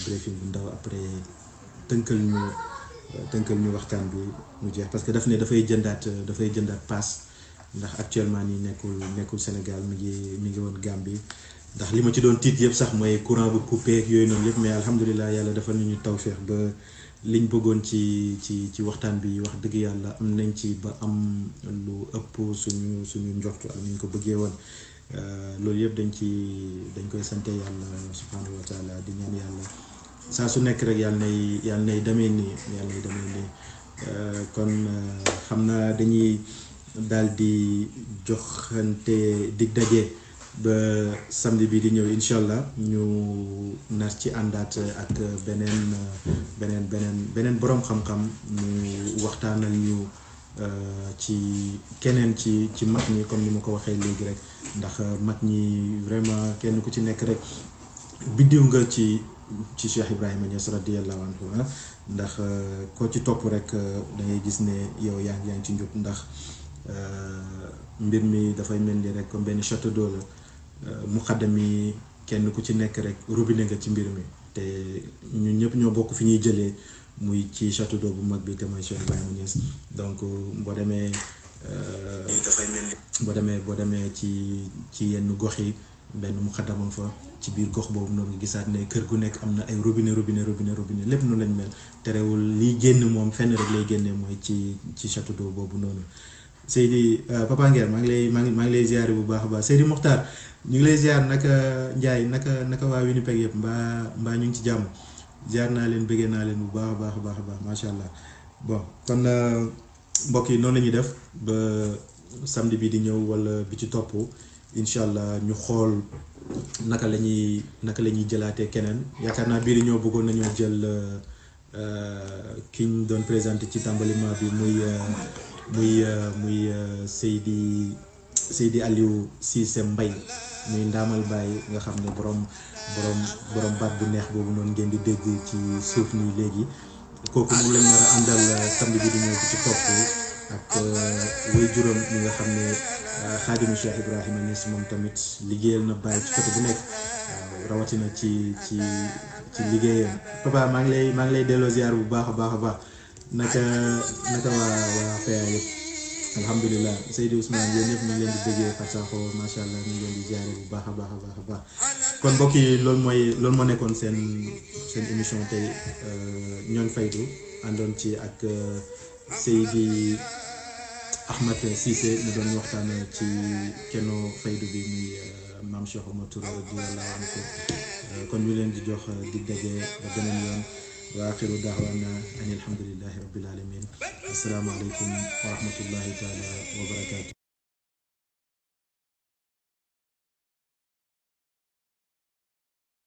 briefing après ñu ñu parce que daf ne dafay ndax actuellement nii nekkul nekkul Sénégal mi ngi ngi Gambie ndax li ci sax courant bu coupé yooyu noonu mais alhamdulilah yàlla defal ñu liñ bëggoon ci ci ci waxtaan bi wax dëgg yàlla am nañ ci ba am lu ëpp suñu suñu njortu ak niñ ko bëggee woon euh, loolu yëpp dañ ci dañ koy sante yàlla subhanahu wa di ñaan yàlla saa su nekk rek yàlla nay yàlla nay demee nii yàlla nay demee nii euh, kon euh, xam naa dañuy daal di joxante dig daje. ba samedi bi di ñew inshallah ñu nar ci andat ak benen benen benen benen borom xam-xam mu waxtaanal ñu eh, ci kenen ci ci mag ñi comme ni mako waxe waxee rek ndax mag ñi vraiment kenn ku ci nek rek bidiw nga ci ci cheikh ibrahima ñes radiallahu anhu eh. ndax ko ci top rek eh, da ngay gis ne yow yaa ngi ci ndax mbir mi da fay melni rek comme ben château d'eau Euh, muqaddam mi kenn ku ci nekk rek robine nga ci mbir mi te ñu ñëpp ñoo bokk fi ñuy jëlee muy ci château d'eau bu mag bi te mooy Cheikh Ibrahima donc boo demee euh, boo demee boo demee ci ci yenn gox yi benn muqaddamam fa ci biir gox boobu noonu nga gisaat ne kër gu nekk am na ay robine robinet robinet robinet lépp noonu lañ mel terewul liy génn moom fenn rek lay génnee mooy ci ci château boobu noonu Seydi euh, Papa Nguer maa ngi lay maa lay ziare bu baax a baax Seydi Mokhtar ñu ngi lay ziar naka Ndiaye naka naka waa Winnipeg yëpp mbaa mbaa ñu ngi ci jàmm ziar naa leen bëggee naa leen bu baax a baax a baax a baax macha allah bon kon euh, mbokk yi noonu la def ba samedi bi di ñëw wala bi ci topp incha allah ñu xool naka la ñuy naka la ñuy jëlaatee keneen yaakaar naa bii di ñoo bëggoon nañoo jël euh, euh, ki doon présenté ci tàmbalima bi muy muy muy Seydi Seydi Aliou Cissé mbay muy ndaamal bàyyi nga xam ne borom borom borom baat bu neex boobu noonu ngeen di dégg ci suuf nii léegi kooku moom lañ war euh, ci topp ak euh, juróom ñi nga xam ne euh, xaadimu Cheikh Ibrahima si moom tamit liggéeyal na bàyyi ci côté bu nekk rawatina ci ci ci liggéeyam papa maa ngi lay maa ngi lay delloo ziar bu baax a baax a baax na naka waa waa PA alhamdulilah Seydou Ousmane yéen ñëpp ñu ngi leen di déggee Farsakho macha allah ñu ngi leen di jaare bu baax a baax a baax kon mbokk yi loolu mooy loolu moo nekkoon seen seen émission tey euh, ñoom Faydu àndoon ci ak euh, Seydi Ahmed Cissé mu doon waxtaan ci kenno Faydu bi muy euh, maam Cheikh Oumar Touré kon ñu leen di jox di déggee ba beneen yoon. واخر دعوانا ان الحمد لله رب العالمين السلام عليكم ورحمه الله تعالى وبركاته